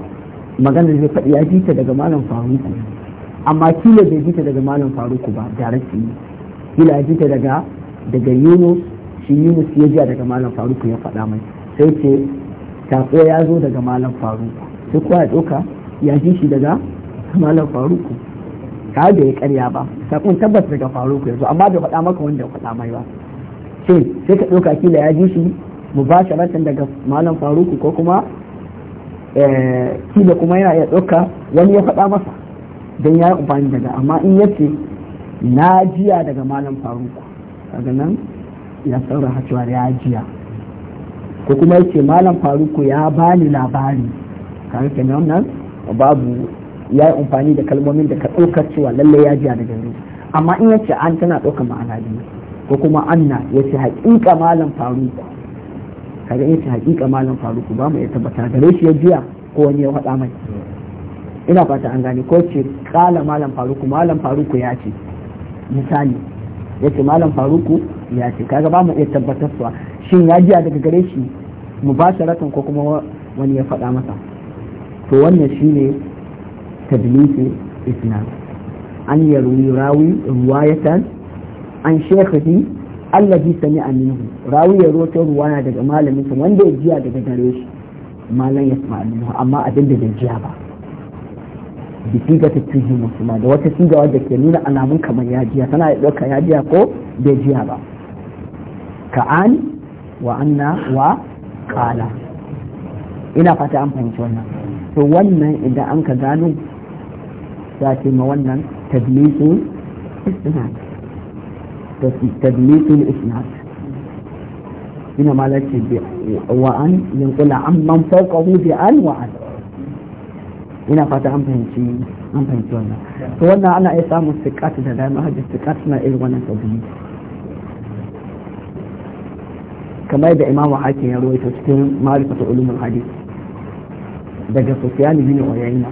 Speaker 1: magana zai faɗi ya jita daga malam faruku amma kila bai jita daga malam faruku ba darasi ne kila ya jita daga daga yunus shi yunus ya jiya daga malam faruku ya faɗa mai sai ce tafiya ya zo daga malam faruku sai kowa ya ɗauka ya ji shi daga malam faruku ta da ya karya ba sakon tabbas daga ya yanzu amma bai faɗa maka wanda ya faɗa mai ba shin sai ka ɗauka kila ya ji shi mubasharatan daga malam faruku ko kuma eh, kila kuma yana iya ɗauka wani ya faɗa masa don ya yi amfani daga amma in ya ce na jiya daga malam faruku daga nan ya saura cewa ya jiya ko kuma ya ce malam faruku ya bani labari kare kenan nan babu ya yi amfani da kalmomin da ka ɗaukar cewa lallai ya jiya da gani amma in yace an tana ɗaukar ma'ana biyu ko kuma anna ya ce haƙiƙa malam faruku kaga ce haƙiƙa malam faruku ba mu iya tabbata gare shi ya jiya ko wani ya faɗa mai ina fata an gane ko ce kala malam faruku malam faruku ya ce misali ya ce malam faruku ya ce kaga ba mu iya su shin ya jiya daga gare shi mu mubasharatan ko kuma wani ya faɗa masa to wannan shine تدليس الإسلام أن يروي راوي رواية عن شيخه الذي سمع منه راوي يروت رواية ما لم يسمع وان دقاء جيا دقاء دريش لن يسمع منه أما أدن دقى جيابا بسيغة التجي مسلمة وتسيقة تسيغة ودك ينون أنا من كما ياجيا سنة لك ياجيا كو دي جيابا كعان وعنا وقالا ina fata an fahimci wannan to wannan idan an ka gano ساكن مونا تدليس الاسناد تدليس الاسناد هنا ما لك وان ينقل عن من فوقه في ان وعن هنا فات ام فهمتي ام فهمتي ولا فولنا انا اسام الثقات اذا دائما هذه الثقات ما الا وانا تدليس كما يدعي امام حاكم يروي تشكيل معرفه علوم الحديث دقة سفيان بن عيينه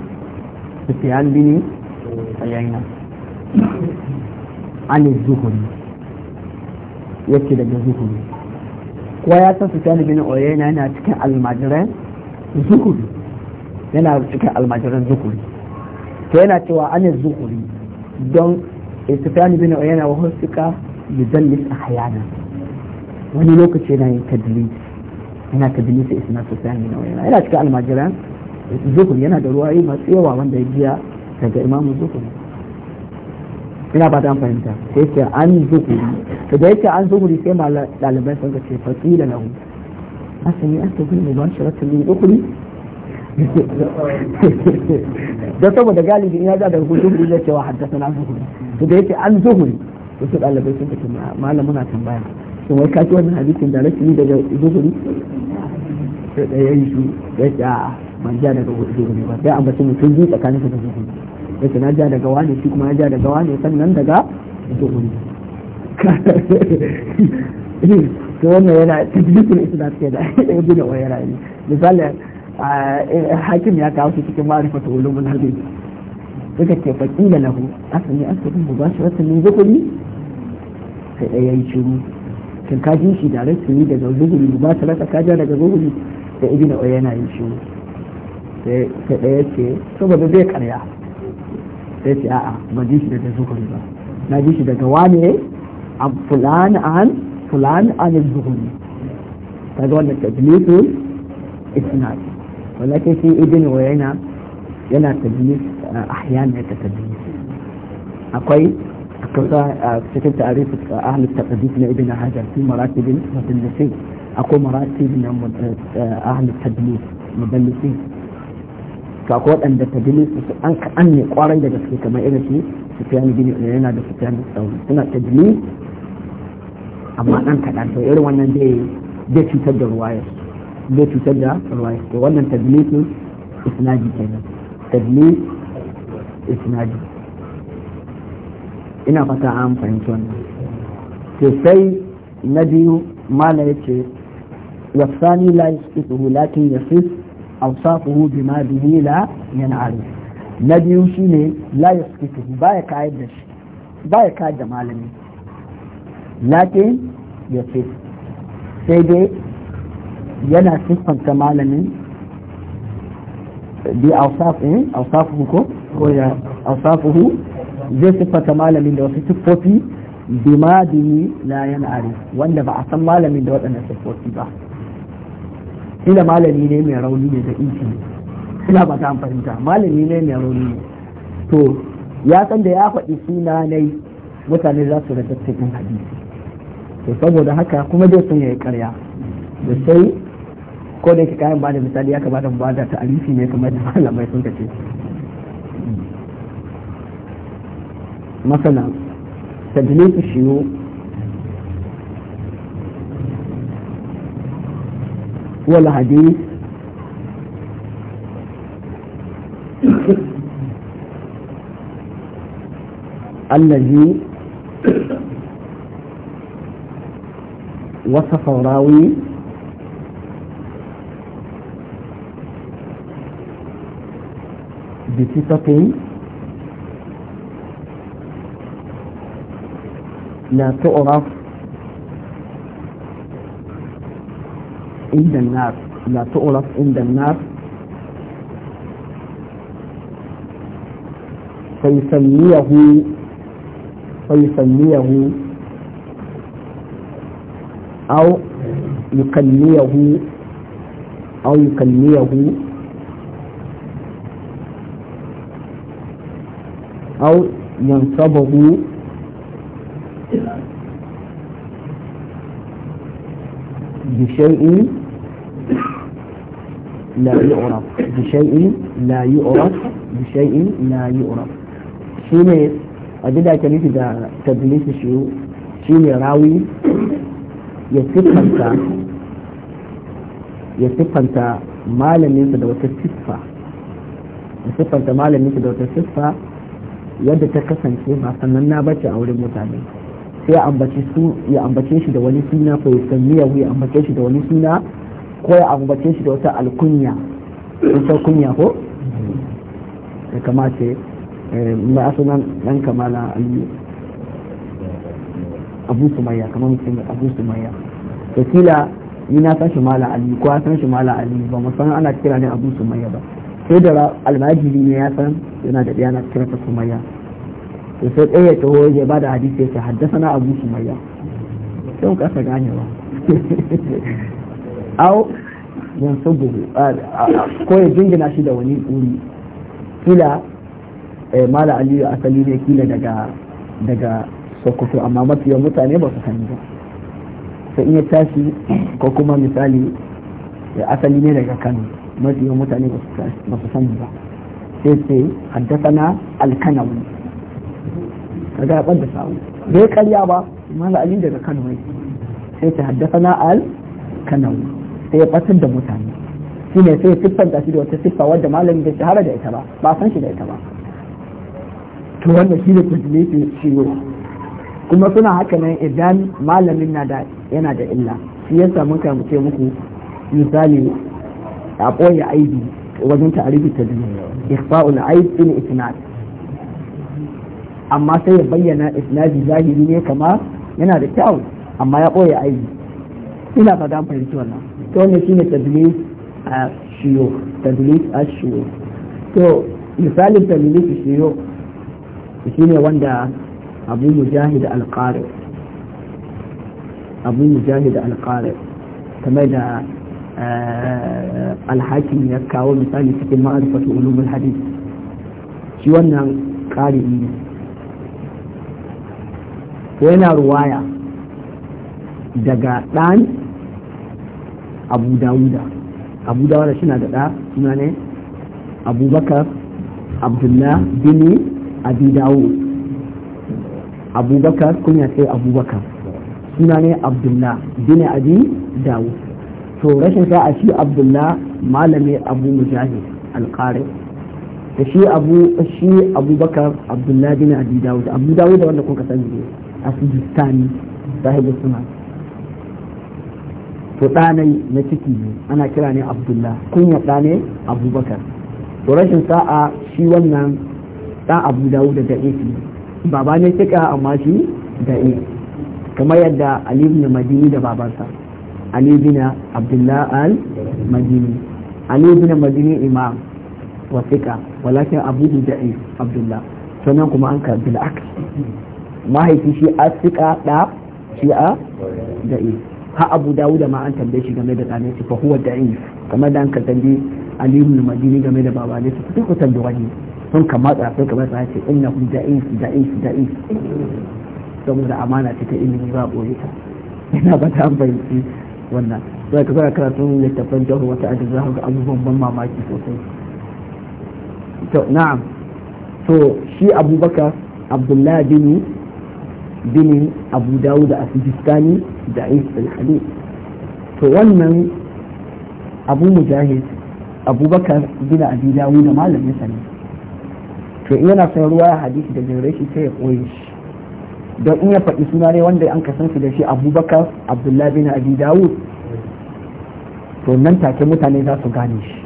Speaker 1: سفيان بن عيينة عن الزهري يكي yake زهري ويا سفيان بن عيينة أنا تكن المجرى زهري yana cikin almajiran zukuri to yana cewa ani zukuri don istifani eh, bin yana wa suka a hayana wani lokaci yana yin tadlis yana tadlis a isna sufyan bin yana cikin almajiran Zukuri yana da ruwayi masu yawa wanda ya biya daga imamu zukuri ina ba ta fahimta sai ce an zukuri to da yake an zukuri sai ma ɗalibai sun ce fasila lahu yi an tafi mu ba sharatun min zukuri da saboda galibi ina za da zukuri zai cewa haddasa na zukuri to da yake an zukuri to su ɗalibai sun ce malam muna tambaya shin wai kaki wani wannan hadisin da rashin daga zukuri sai da yayi shi ya ce a'a ban ja daga wani ne ba an ambaci mutum biyu tsakanin su da zuhuri yace na ja daga wani shi kuma na ja daga wani sannan daga zuhuri to wannan yana tajjidul isnad ke da ibn wayra ne misali eh, hakim ya kawo shi cikin ma'rifatu ulumul hadith suka ce faƙila lahu asali asali mu ba shi wata ne zukuri sai ɗaya yi shiru Shin ka ji shi da rasu daga zukuri mu ba shi rasa ja daga zukuri da ibina o yana yin shiru sai ɗaya ce saboda zai karya sai ce a'a ba ji shi daga zuhuri ba na ji shi daga wane a fulani an fulani an zuhuri ta ga wannan tajlisul isnad walakin shi ibn wayna yana tajlis ahyan ya ta tajlis akwai cikin tarif ahli taqdis na ibn hajar fi maratibin mudallisin akwai maratibin ahli tadlis mudallisin to waɗanda ta dili su an ka'an ne ƙwarai da gaske kamar irin shi ni bin yana da su ni sauri suna ta dili amma ɗan kaɗan to irin wannan zai cutar da ruwayar zai cutar da ruwayar to wannan ta dili su isnadi kenan ta dili isnadi ina fata an fahimci wannan to sai na biyu mala ya ce wasani la yasqutu lakin yasif awsafuhu bima bihi la yan'arif na biyu shine la yasqitu baya kayar da shi baya kayar malami lakin yace sai dai yana siffanta malamin bi awsafin eh, awsafuhu siffanta malamin da wasu siffofi bima bihi la yan'arif wanda ba a san malamin da waɗannan siffofi ba kila malami ne mai rauni ne da inci ina ba ta fahimta malami ne mai rauni ne to ya san da ya faɗi suna nai mutane za su rasa cikin hadisi to saboda haka kuma dai sun yi karya da sai ko da yake kayan bada misali ya kamata mu bada alifi ne kamar da malamai sun kace masana تدليس الشيوخ والحديث الذي وصف الراوي بصفة لا تعرف عند الناس لا تغلق عند الناس فيسميه فيسميه أو يكنيه أو يكنيه أو ينصبه بشيء لا يعرف بشيء لا يعرف بشيء لا يعرف شيني أجد أكلمك دا تدليس شو شيني راوي يتفنت يتفنت ما لم ينسى وتا صفة يتفنت ما لم ينسى وتا صفة yadda ta kasance ba sannan na bace a wurin mutane sai ya ambace shi da wani suna ko ya ya ambace shi da wani suna ko ya ambace shi da wata alkunya wata kunya ko ya kamace eh, mai asunan dan kamala aliyu abu sumayya kamar mutum abu sumayya da kila na san shi mala aliyu ko san shi mala aliyu ba san ana kira ne abu sumayya ba sai da almajiri ne ya san yana da na kira ta sumayya to sai ɗaya ya taho ya ba da hadisi ya ce haddasa na abu sumayya sai mu kasa ganewa Au! aw yansubuhu ko ya jingina shi da wani wuri kila mala aliyu asali ne kila daga daga sokoto amma mafiyan mutane ba su sani ba sai in ya tashi ko kuma misali asali ne daga kano mafiyan mutane ba su sani ba sai sai haddasana alkanawi kaga ya da sawu bai karya ba mala aliyu daga kano ne sai sai haddasana alkanawi sai ya batar da mutane shi ne sai ya siffanta shi da wata siffa wadda malami bai shahara da ita ba ba san shi da ita ba to wannan shi ne kujilisi ciwo kuma suna haka nan idan malamin na da yana da illa shi yasa muka ce muku misali a ɓoye aibi wajen ta'arifi ta duniya ikhfa'ul aib in isnad amma sai ya bayyana isnadi zahiri ne kama yana da kyau amma ya ɓoye aibi ina fata an fahimci wannan to wannan shine tadlis a shiyo a shiyo to misalin tadlis shiyo shine wanda abu mujahid alqari abu mujahid kamar da eh, alhakin ya kawo misali cikin ma'arifatu ulumul hadith shi wannan ƙari ne yana ruwaya daga ɗan abu dawuda abu dawuda shi na da suna ne abubakar abdullah Bini, abi dawo abubakar kunya sai abubakar suna ne abdullah Bini, abi dawo to rashin sa a shi abdullah malami abu mujahid alƙari da shi abu shi abubakar abdullah bin abi dawo abu dawo da wanda kuka sani ne a sujistani sahibu suna. to ɗanai na ciki ne ana kira ne abdullah kunya ɗane abubakar to rashin sa'a shi wannan ɗan abu dawo da da'i baba ne cika amma shi da'i kamar yadda ali ibn madini da babansa ali ibn abdullah al madini ali ibn madini imam wa thiqa walakin abu da'i abdullah sannan kuma an karbi al'akari mahaifi shi a thiqa da shi a da'i ha abu dawuda ma an tambaye shi game da tsanin shi fa huwa da'if kamar da an ka tambi aliyu bin madini game da baba ne su duk kusan da wani sun kama da sai kamar sa ce inna hum da'if da'if da'if saboda amana ce ta ilimi ba boye ta ina ba ta bayyana wannan sai ka fara karatun littafin jahu wata ajin za ga abubuwan ban mamaki sosai to na'am to shi abubakar abdullahi bin bin abu dawud da asibistani da aisul hadith to wannan abu mujahid abubakar bin abi dawud da malamin sani. to in yana son ruwa hadisi da gare shi sai ya koye shi don in ya faɗi suna ne wanda an kasance da shi abubakar abdullahi bin abi dawud to nan take mutane za su gane shi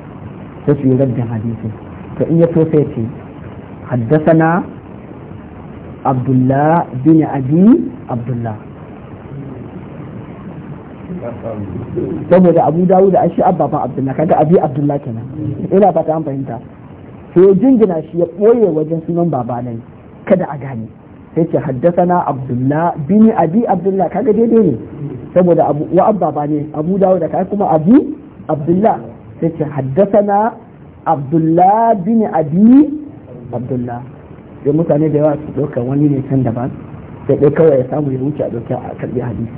Speaker 1: sai su yi raddin hadisi to in ya to sai ce haddasa na. abdullah bin abi abdullah saboda abu dawo da ashe abba abdullah kaga abi abdullah kenan ina fata an fahimta sai jingina shi ya ɓoye wajen sunan baba nan kada a gane sai ce haddasana abdullah bin abi abdullah kaga daidai ne saboda abu wa abba ne abu dawo da kai kuma abi abdullah sai ce haddasana abdullah bin abi abdullah da mutane da yawa su ɗauka wani ne can daban sai dai kawai ya samu ya wuce a ɗauka a karɓi hadisi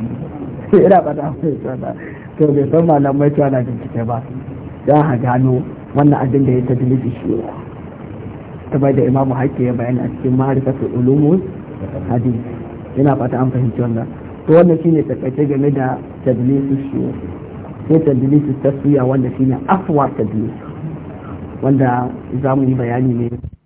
Speaker 1: sai ina ba ta mai tsada to bai san mai cewa na bincike ba ya ha gano wannan abin da ya ta dilibi shi ne bai da imamu haƙƙi ya bayani a cikin ma'arifatul ulumul hadisi yana fata an fahimci wannan to wannan shine takaice game da tadlisu shi sai tadlisu suya wanda shine afwa tadlis wanda
Speaker 2: za mu yi bayani ne